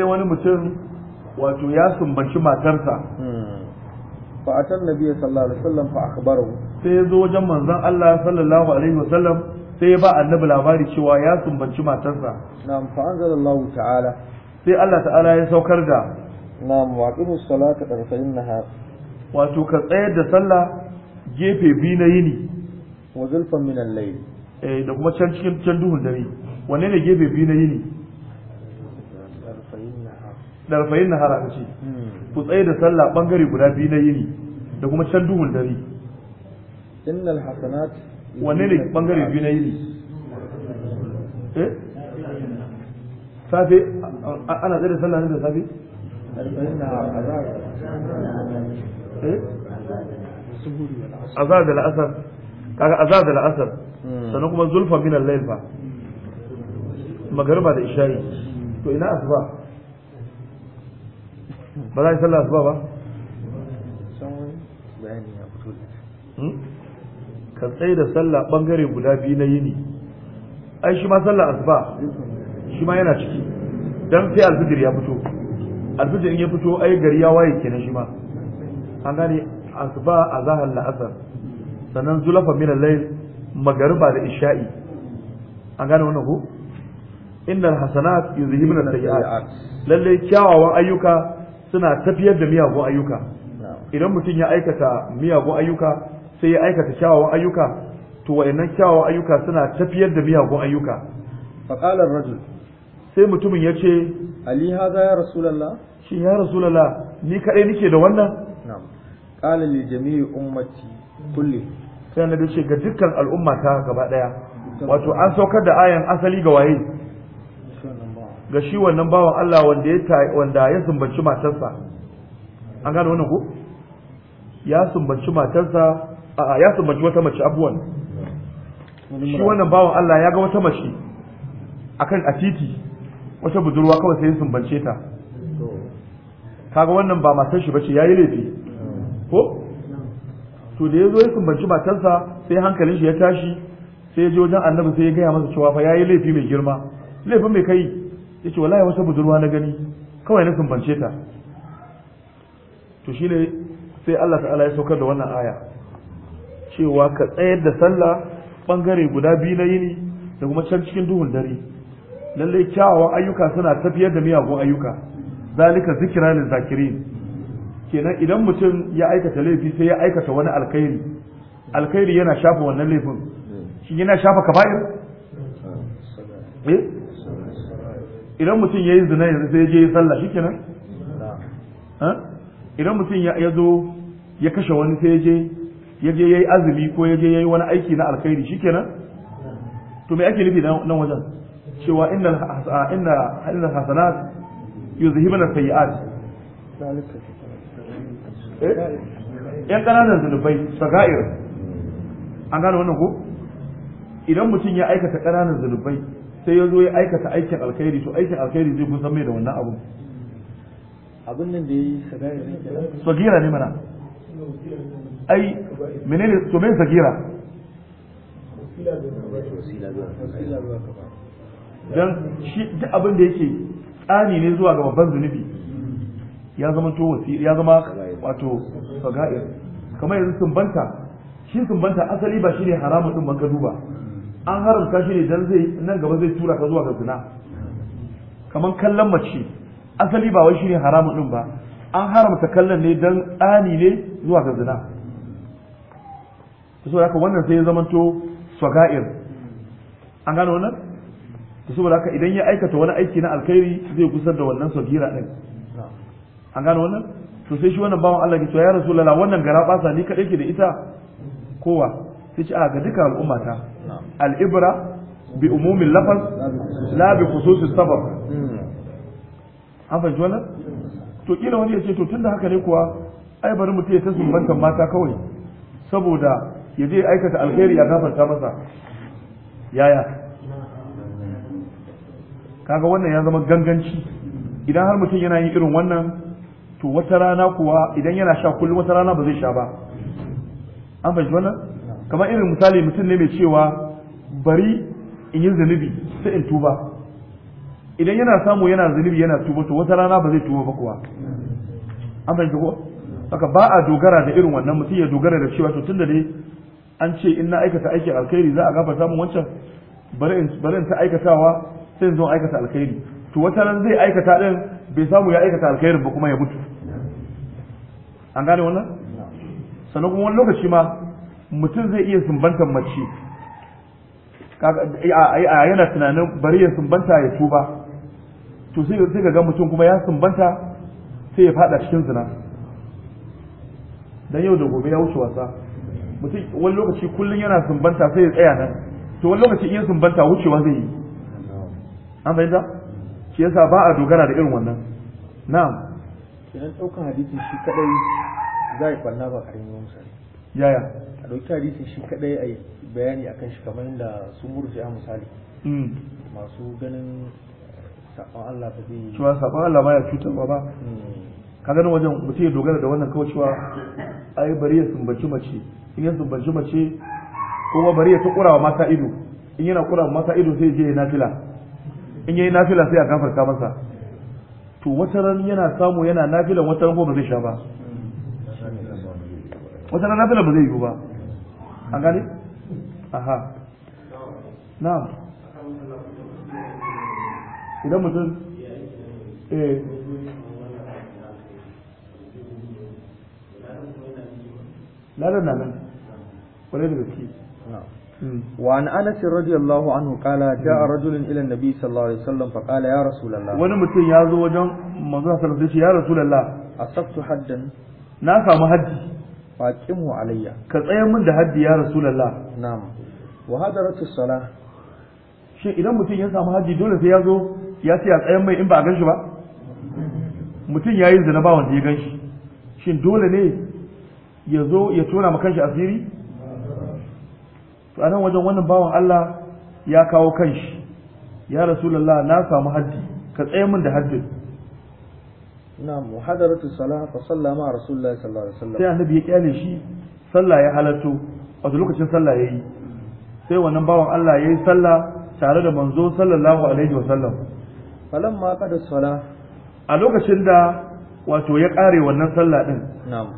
wani mutum ya sumbanci matarsa hmm. fa atan nabiyyi sallallahu alaihi wasallam fa akhbarahu sai ya zo wajen manzon Allah sallallahu alaihi sai ya ba annabi labari cewa ya sumbanci matarsa na'am fa anzalallahu ta'ala sai Allah ta'ala ya saukar da na'am waqimus salata tarfayin nahar wato ka tsayar da sallah gefe biyu na yini wa zulfan min al-layl eh da kuma can cikin can duhun dare wanne ne gefe biyu na yini darfayin nahar a ce hmm. ku tsaye da sallah bangare guda biyu na yini da kuma can duhun dare innal hasanat wanne ne bangare biyu na yini eh safe ana tsaye da sallah ne da safe eh azhar al la'asar kaga azhar da hmm. sannan kuma zulfa min al-layl ba magariba da isha'i to ina asuba ba za a yi sallah asuba ba hmm? ka tsaye da sallah bangare guda biyu na yini ai shi ma sallah asuba shi ma yana ciki dan sai alfijir ya fito alfijir ya fito ai gari ya waye kenan shi ma an gane asuba a zahar la'asar sannan zulafa min al-layl magariba da isha'i an gane wannan ko innal hasanat yuzhibuna sayyi'at lalle kyawawan ayyuka suna tafiyar da miyagun ayyuka idan mutum ya aikata miyagun ayyuka sai ya aikata kyawawan ayyuka to wayannan kyawawan ayyuka suna tafiyar da miyagun ayyuka faqala ar-rajul sai mutumin ya ce ali hadha ya rasulullah shi ya rasulullah ni kadai nike da wannan na'am قال li jami'i كله kulli sai annabi ga dukkan al'umma ta gaba daya wato an saukar da ayan asali ga waye ga shi wannan bawan Allah wanda ya wanda ya sumbanci matarsa an gane wannan ko ya sumbanci matarsa a ya sumbanci wata mace abuwan shi wannan bawan Allah ya ga wata mace akan a titi wata budurwa kawai sai ya sumbance ta kaga wannan ba matar shi bace yayi laifi ko to da ya zo ya kumbanci matarsa sai hankalin shi ya tashi sai ya je wajen annabi sai ya gaya masa cewa fa yayi laifi mai girma laifin mai kai ya ce wallahi wata budurwa na gani kawai na sumbance ta to shine sai Allah ta'ala ya saukar da wannan aya cewa ka tsayar da sallah bangare guda biyu na yini da kuma can cikin duhun dare lallai kyawawan ayyuka suna tafiyar da miyagun ayyuka zalika zikira lil zakirin kenan idan mutum ya aikata laifi sai ya aikata wani alkhairi alkhairi yana shafa wannan laifin shi yana shafa kaba'ir eh? idan mutum ya yi zina sai ya je sallah shi kenan idan mutum ya zo ya kashe wani sai ya je ya je ya yi azumi ko ya je ya yi wani aiki na alkhairi shi kenan to me ake nufi nan wajen cewa inna inna hasanat yuzhibuna sayi'at Eh? yan ƙananan zunubai saga'ir an gane wannan ko idan mutum ya aikata ƙananan zunubai sai ya zo ya aikata aikin alkhairi to aikin alkhairi zai gusan mai da wannan abu abin nan da yi saga'ir ne mana ai menene to men sagira dan shi duk abin da yake tsani ne zuwa ga babban zunubi ya zama to wasi ya zama wato sagair kamar yanzu sumbanta shi sumbanta asali ba shine haramun din banka duba an haramta shi ne dan zai nan gaba zai tura ka zuwa ga zina kamar kallon mace asali ba wai shine haramun din ba an haramta kallon ne dan tsani ne zuwa ga zina to saboda wannan sai ya zama to sagair an gano wannan to saboda haka idan ya aikata wani aiki na alkhairi zai kusar da wannan sagira din an gano wannan to sai shi wannan bawan Allah ke cewa ya rasulullah wannan gara basa ni kadai ke da ita kowa sai ce a ga duka al'umma ta al'ibra bi umumin lafaz la bi khususis sabab an fahimci to kila wani ya ce to tunda haka ne kuwa ai bari mutum ya ta sumbantan mata kawai saboda ya je aikata alheri ya gafarta masa yaya kaga wannan ya zama ganganci idan har mutum yana yin irin wannan to wata rana kuwa idan yana sha kullum wata rana ba zai sha ba an fahimci wannan kamar irin misali mutum ne mai cewa bari in yi zunubi sai in tuba idan yana samu yana zunubi yana tuba to wata rana ba zai tuba ba kuwa an fahimci ko haka ba a dogara da irin wannan mutum ya dogara da cewa to tunda dai an ce in na aikata aikin alkhairi za a gafarta samun wancan bari in ta aikatawa sai in zo aikata alkhairi to wata ran zai aikata din bai samu ya aikata alkhairin ba kuma ya mutu an gane wannan sannan kuma wani lokaci ma mutum zai iya sumbantar mace yana tunanin bari ya sumbanta ya tuba to sai ga ga mutum kuma ya sumbanta sai ya fada cikin zina dan yau da gobe ya wuce wasa mutum wani lokaci kullum yana sumbanta sai ya tsaya nan to wani lokaci iya sumbanta wucewa zai yi an fahimta shi yasa ba a dogara da irin wannan na'am kenan ɗaukan hadisin shi kadai za a yi ɓanna ba karamin musa yaya a ɗauki hadisin shi kadai a yi bayani a kan shi kamar yadda sun murfi a misali hmm. masu ganin saɓon Allah ba zai cewa saɓon Allah ba ya cutarwa ba hmm. ka ganin wajen mutum ya dogara da wannan kawai cewa ai bari ya sumbaci mace in ya sumbaci mace kuma bari ya ta kurawa mata ido in yana kurawa mata ido sai je ya nafila in yayi nafila sai a gafarta masa to wata ran yana samu yana nafilan wata ran ba zai sha ba wata ran nafilan ba zai yi ba an gane aha na'am idan mutum eh lalan nan kwarai da gaske Hmm. وعن انس رضي الله عنه قال جاء hmm. رجل الى النبي صلى الله عليه وسلم فقال يا رسول wani mutum ya zo wajen manzo sallallahu alaihi ya rasulullah asabtu haddan na samu haddi faqimu alayya ka tsaya da haddi ya rasulullah na'am wa hadaratu salah shi idan mutum ya samu haddi dole sai ya zo ya ce a tsayan mai in ba a shi ba mutum ya yi zina ba wanda ya ganshi shin dole ne ya ya tona ma kanshi asiri to anan wajen wannan bawan Allah ya kawo kanshi ya rasulullah na samu haddi ka tsaye min da haddin na'am muhadaratu salah fa salla ma rasulullah sallallahu alaihi wasallam sai annabi ya kyale shi sallah ya halatto a lokacin sallah yayi sai wannan bawan Allah yayi sallah tare da manzo sallallahu alaihi wasallam falamma qada salah a lokacin da wato ya kare wannan sallah din na'am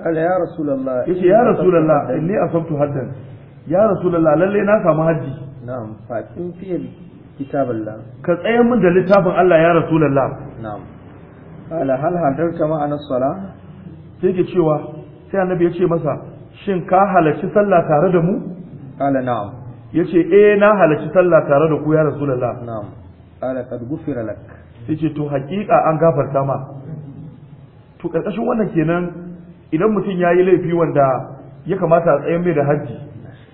قال يا رسول الله يا رسول الله asabtu haddan. حدا ya rasulullah lalle na samu haji na'am fatin fil kitaballah ka tsaya min da littafin Allah ya rasulullah na'am ala hal hadarta ana sala sai ke cewa sai annabi ya ce masa shin ka halarci sallah tare da mu ala na'am yace eh na halarci sallah tare da ku ya rasulullah na'am ala kad gufira lak sai ce to hakika an gafarta ma to karkashin wannan kenan idan mutum ya yi laifi wanda ya kamata a tsayan mai da hajji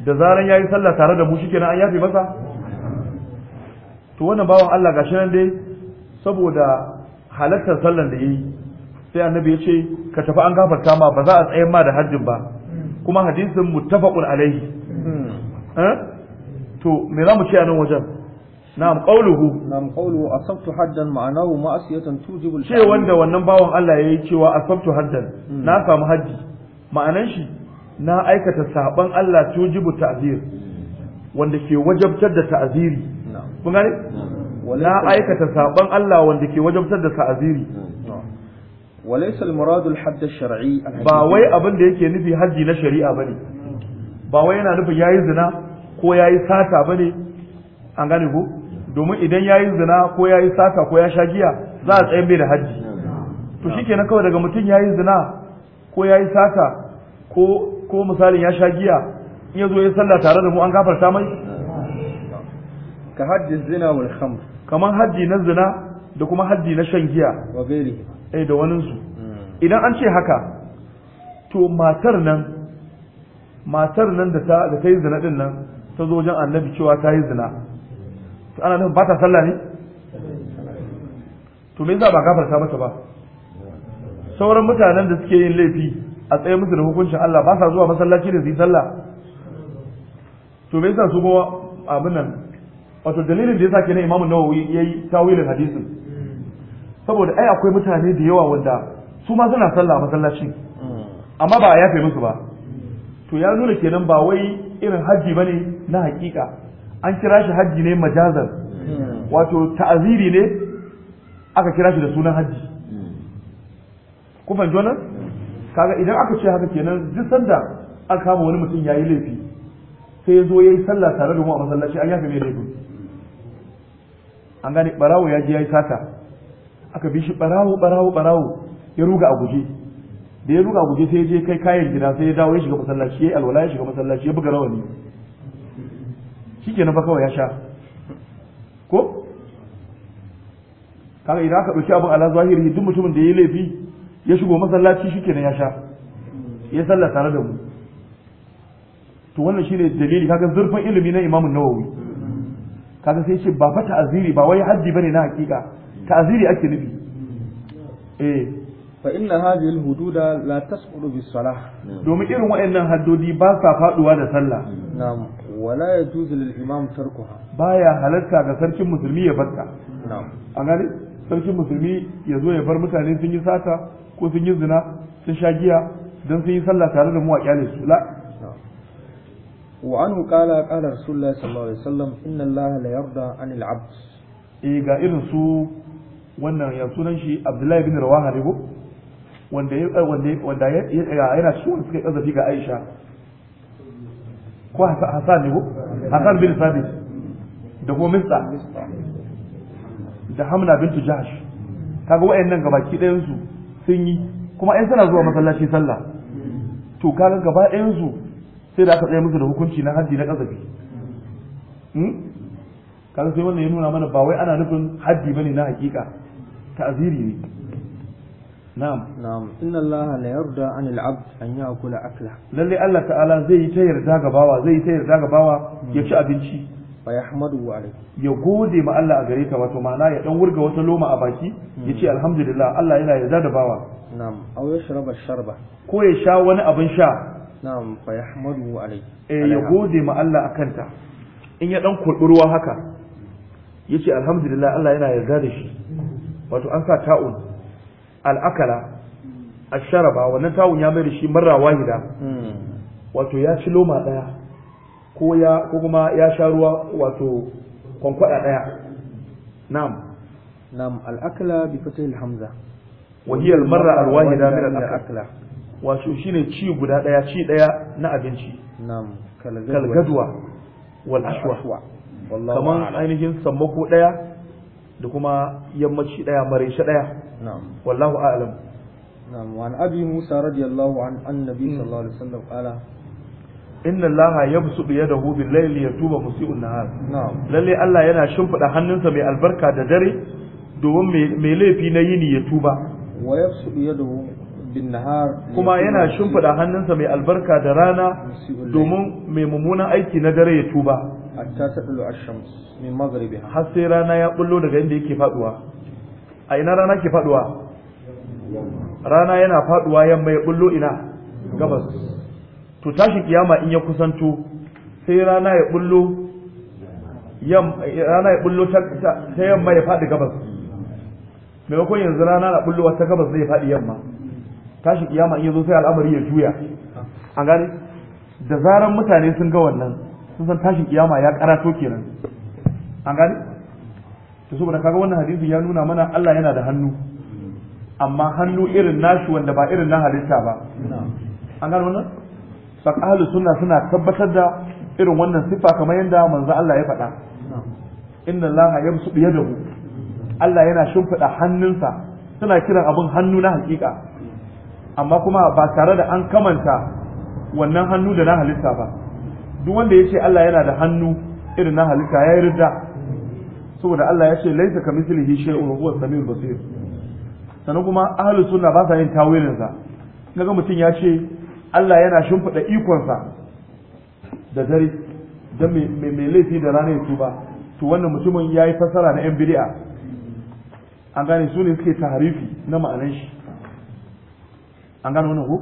da zaran ya yi sallah tare da mu kenan an yafe masa to wannan bawan Allah gashi nan dai saboda halartar sallan da yayi sai annabi ya ce ka tafi an gafarta ma ba za a tsayar ma da hajjin ba kuma hadisin muttafaqun alaihi eh? to me za mu ce a nan wajen na'am qawluhu na'am qawluhu asabtu haddan ma'anahu ma'asiyatan tujibu ce wanda wannan bawan Allah yayi cewa asabtu haddan hmm. na samu haji ma'anan shi na aikata saban Allah tujibu ta'zir wanda ke wajabtar da ta'ziri kun gane na aikata saban Allah wanda ke wajabtar da ta'ziri وليس المراد الحد الشرعي ba wai abin da yake nufi haji na shari'a bane ba wai yana nufin yayi zina ko yayi sata bane an gane ko domin idan yayi zina ko yayi sata ko ya sha giya za a tsaye da haji to shikenan kawai daga mutum yayi zina ko yayi sata ko ko misalin ya sha giya in ya zo ya sallah tare da mu an gafarta mai ka haddi zina wal khamr kaman haddi na zina da kuma haddi na shan giya wa gairi eh da wani su hmm. idan an ce haka to matar nan matar nan da ta da ta yi zina din nan ta zo wajen annabi cewa ta yi zina to ana nufin ba ta sallah ne to me za ba gafarta mata ba sauran mutanen da suke yin laifi a tsaye musu da hukuncin Allah ba sa zuwa masallaci da su yi sallah to me yasa su ba abin nan wato dalilin da yasa kenan Imam Nawawi yayi tawilin hadisin saboda ai akwai mutane da yawa wanda su ma suna sallah masallaci amma ba a yafe musu ba to ya nuna kenan ba wai irin haji bane na hakika an kira shi haji ne majazan wato ta'aziri ne aka kira shi da sunan haji ku fahimci wannan kaga idan aka ce haka kenan duk sanda an kama wani mutum yayi laifi sai ya zo yayi sallah tare da mu a masallaci an yafe mai laifi an gane barawo ya je yayi sata aka bi shi barawo barawo barawo ya ruga a guje da ya ruga a guje sai ya je kai kayan gida sai ya dawo ya shiga masallaci ya alwala ya shiga masallaci ya buga rawani shikenan fa kawai ya sha ko kaga idan aka dauki abin ala zahiri duk mutumin da yayi laifi ya shigo masallaci shi kenan ya sha ya sallah tare da mu to wannan shine dalili kaga zurfin ilimi na imamun nawawi kaga sai ce ba fa ta'ziri ba wai haddi bane na hakika ta'ziri ake nufi eh fa inna hadhihi al-hududa la tasqutu bis salah domin irin waɗannan haddodi ba sa faduwa da sallah na'am wala yajuzu lil imam tarkuha baya halarta ga sarkin musulmi ya barka na'am a gani sarkin musulmi ya zo ya bar mutane sun yi sata ko sun yi zina sun sha giya don sun yi sallah tare da mu a kyale su la وعنه قال قال رسول الله صلى الله عليه وسلم إن الله لا يرضى عن العبد ga irin su wannan ya sunan shi Abdullahi bin Rawaha ne ko wanda ya wanda eh, wanda ya yana shi wanda suka kazafi ga Aisha ko Hassan ne ko Hassan bin sabi da kuma Mista da Hamna bintu Jahsh kaga wayannan gabaki dayansu. su sun yi kuma in suna zuwa masallaci sallah to kaga gaba ɗayan su sai da aka tsaye musu da hukunci na haddi na kazafi hmm? kaga sai wannan ya nuna mana ba wai ana nufin haddi bane na hakika ta'ziri ne na'am na'am inna allaha la yarda 'an al an ya'kula akla lalle Allah ta'ala zai yi ta yarda ga bawa zai yi ta yarda ga bawa ya ci abinci fa alayhi ya gode ma Allah a gare ka wato ma'ana ya dan wurga wata loma a baki ya ce alhamdulillah Allah yana yarda da bawa na'am aw yashraba sharba ko ya sha wani abin sha na'am fa alayhi eh, ya gode ma Allah akan ta in ya dan kurbi haka ya ce alhamdulillah Allah yana yarda da shi wato an sa ta'un al'akala asharaba wannan ta'un ya mai da shi marra wahida hmm. wato ya ci loma daya ko ya ko kuma ya sha ruwa wato kwankwada daya na'am na'am al-akla bi fatil hamza wa hiya al-marra al-wahida min al-akla wato shine ci guda daya ci daya na abinci na'am gadwa wal ashwa kaman ainihin sammako daya da kuma yammaci daya maraisha daya na'am wallahu a'lam na'am wa an abi musa radiyallahu an annabi hmm. sallallahu alaihi wasallam qala inna allaha yabsutu yadahu bil layli yatuba musii'un nahar lalle Allah yana shimfida hannunsa mai albarka da dare domin mai laifi na yini ya tuba wa yabsutu yadahu bin nahar kuma yana shimfida hannunsa mai albarka da rana domin mai mummunan aiki na dare ya tuba hatta tadlu ash-shams min maghribiha har sai rana ya bullo daga inda yake faduwa a ina rana ke faduwa rana yana faduwa yamma ya bullo ina gabas to tashin kiyama in ya kusanto sai rana ya bullo rana ya bullo ta yamma ya faɗi gabas maimakon yanzu rana na bullo ta gabas zai faɗi yamma tashi kiyama in ya zo sai al'amari ya juya an gane da zaran mutane sun ga wannan sun san tashin kiyama ya karato kenan an gane to saboda kaga wannan hadisi ya nuna mana Allah yana da hannu amma hannu irin nashi wanda ba irin na halitta ba an gano wannan ahlu sunna suna tabbatar da irin wannan siffa kamar yadda manzo Allah ya faɗa inna Allah yamsudu Allah yana shimfiɗa hannunsa suna kiran abin hannu na hakika amma kuma ba tare da an kamanta wannan hannu da na halitta ba duk wanda ya ce Allah yana da hannu irin na halitta ya yi ridda saboda Allah ya ce laisa ka mislihi shay'un huwa samiul basir sannan kuma ahlus sunna ba sa yin tawilin sa kaga mutum yace. Allah yana shimfiɗa ikonsa da dare don mai laifi da rana ya tuba to wannan mutumin ya yi fasara na 'yan bidi'a an gane su ne suke taharifi na ma'anan shi an gane wannan ko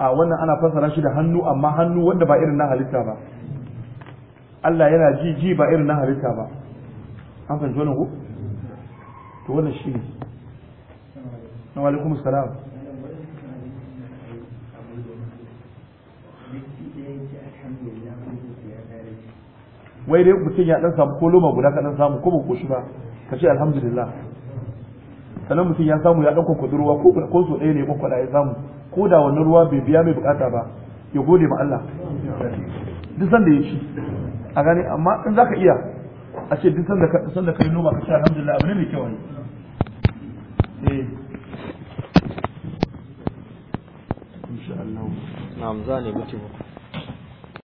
a wannan ana fasara shi da hannu amma hannu wanda ba irin na halitta ba Allah yana ji ji ba irin na halitta ba an fahimci wannan ko to wannan shi ne na alaikum salam wai dai mutum ya dan samu ko loma guda ka dan samu ko ba shi ba ka ce alhamdulillah sannan mutum ya samu ya dan kwakwado ruwa ko ko so ɗaya ne kwakwada ya samu ko da wannan ruwa bai biya mai bukata ba ya gode ma Allah duk sanda ya ci a gane amma in zaka iya a ce duk sanda ka sanda kai noma ka ce alhamdulillah abin ne mai kyau ne eh insha Allah na'am za mutum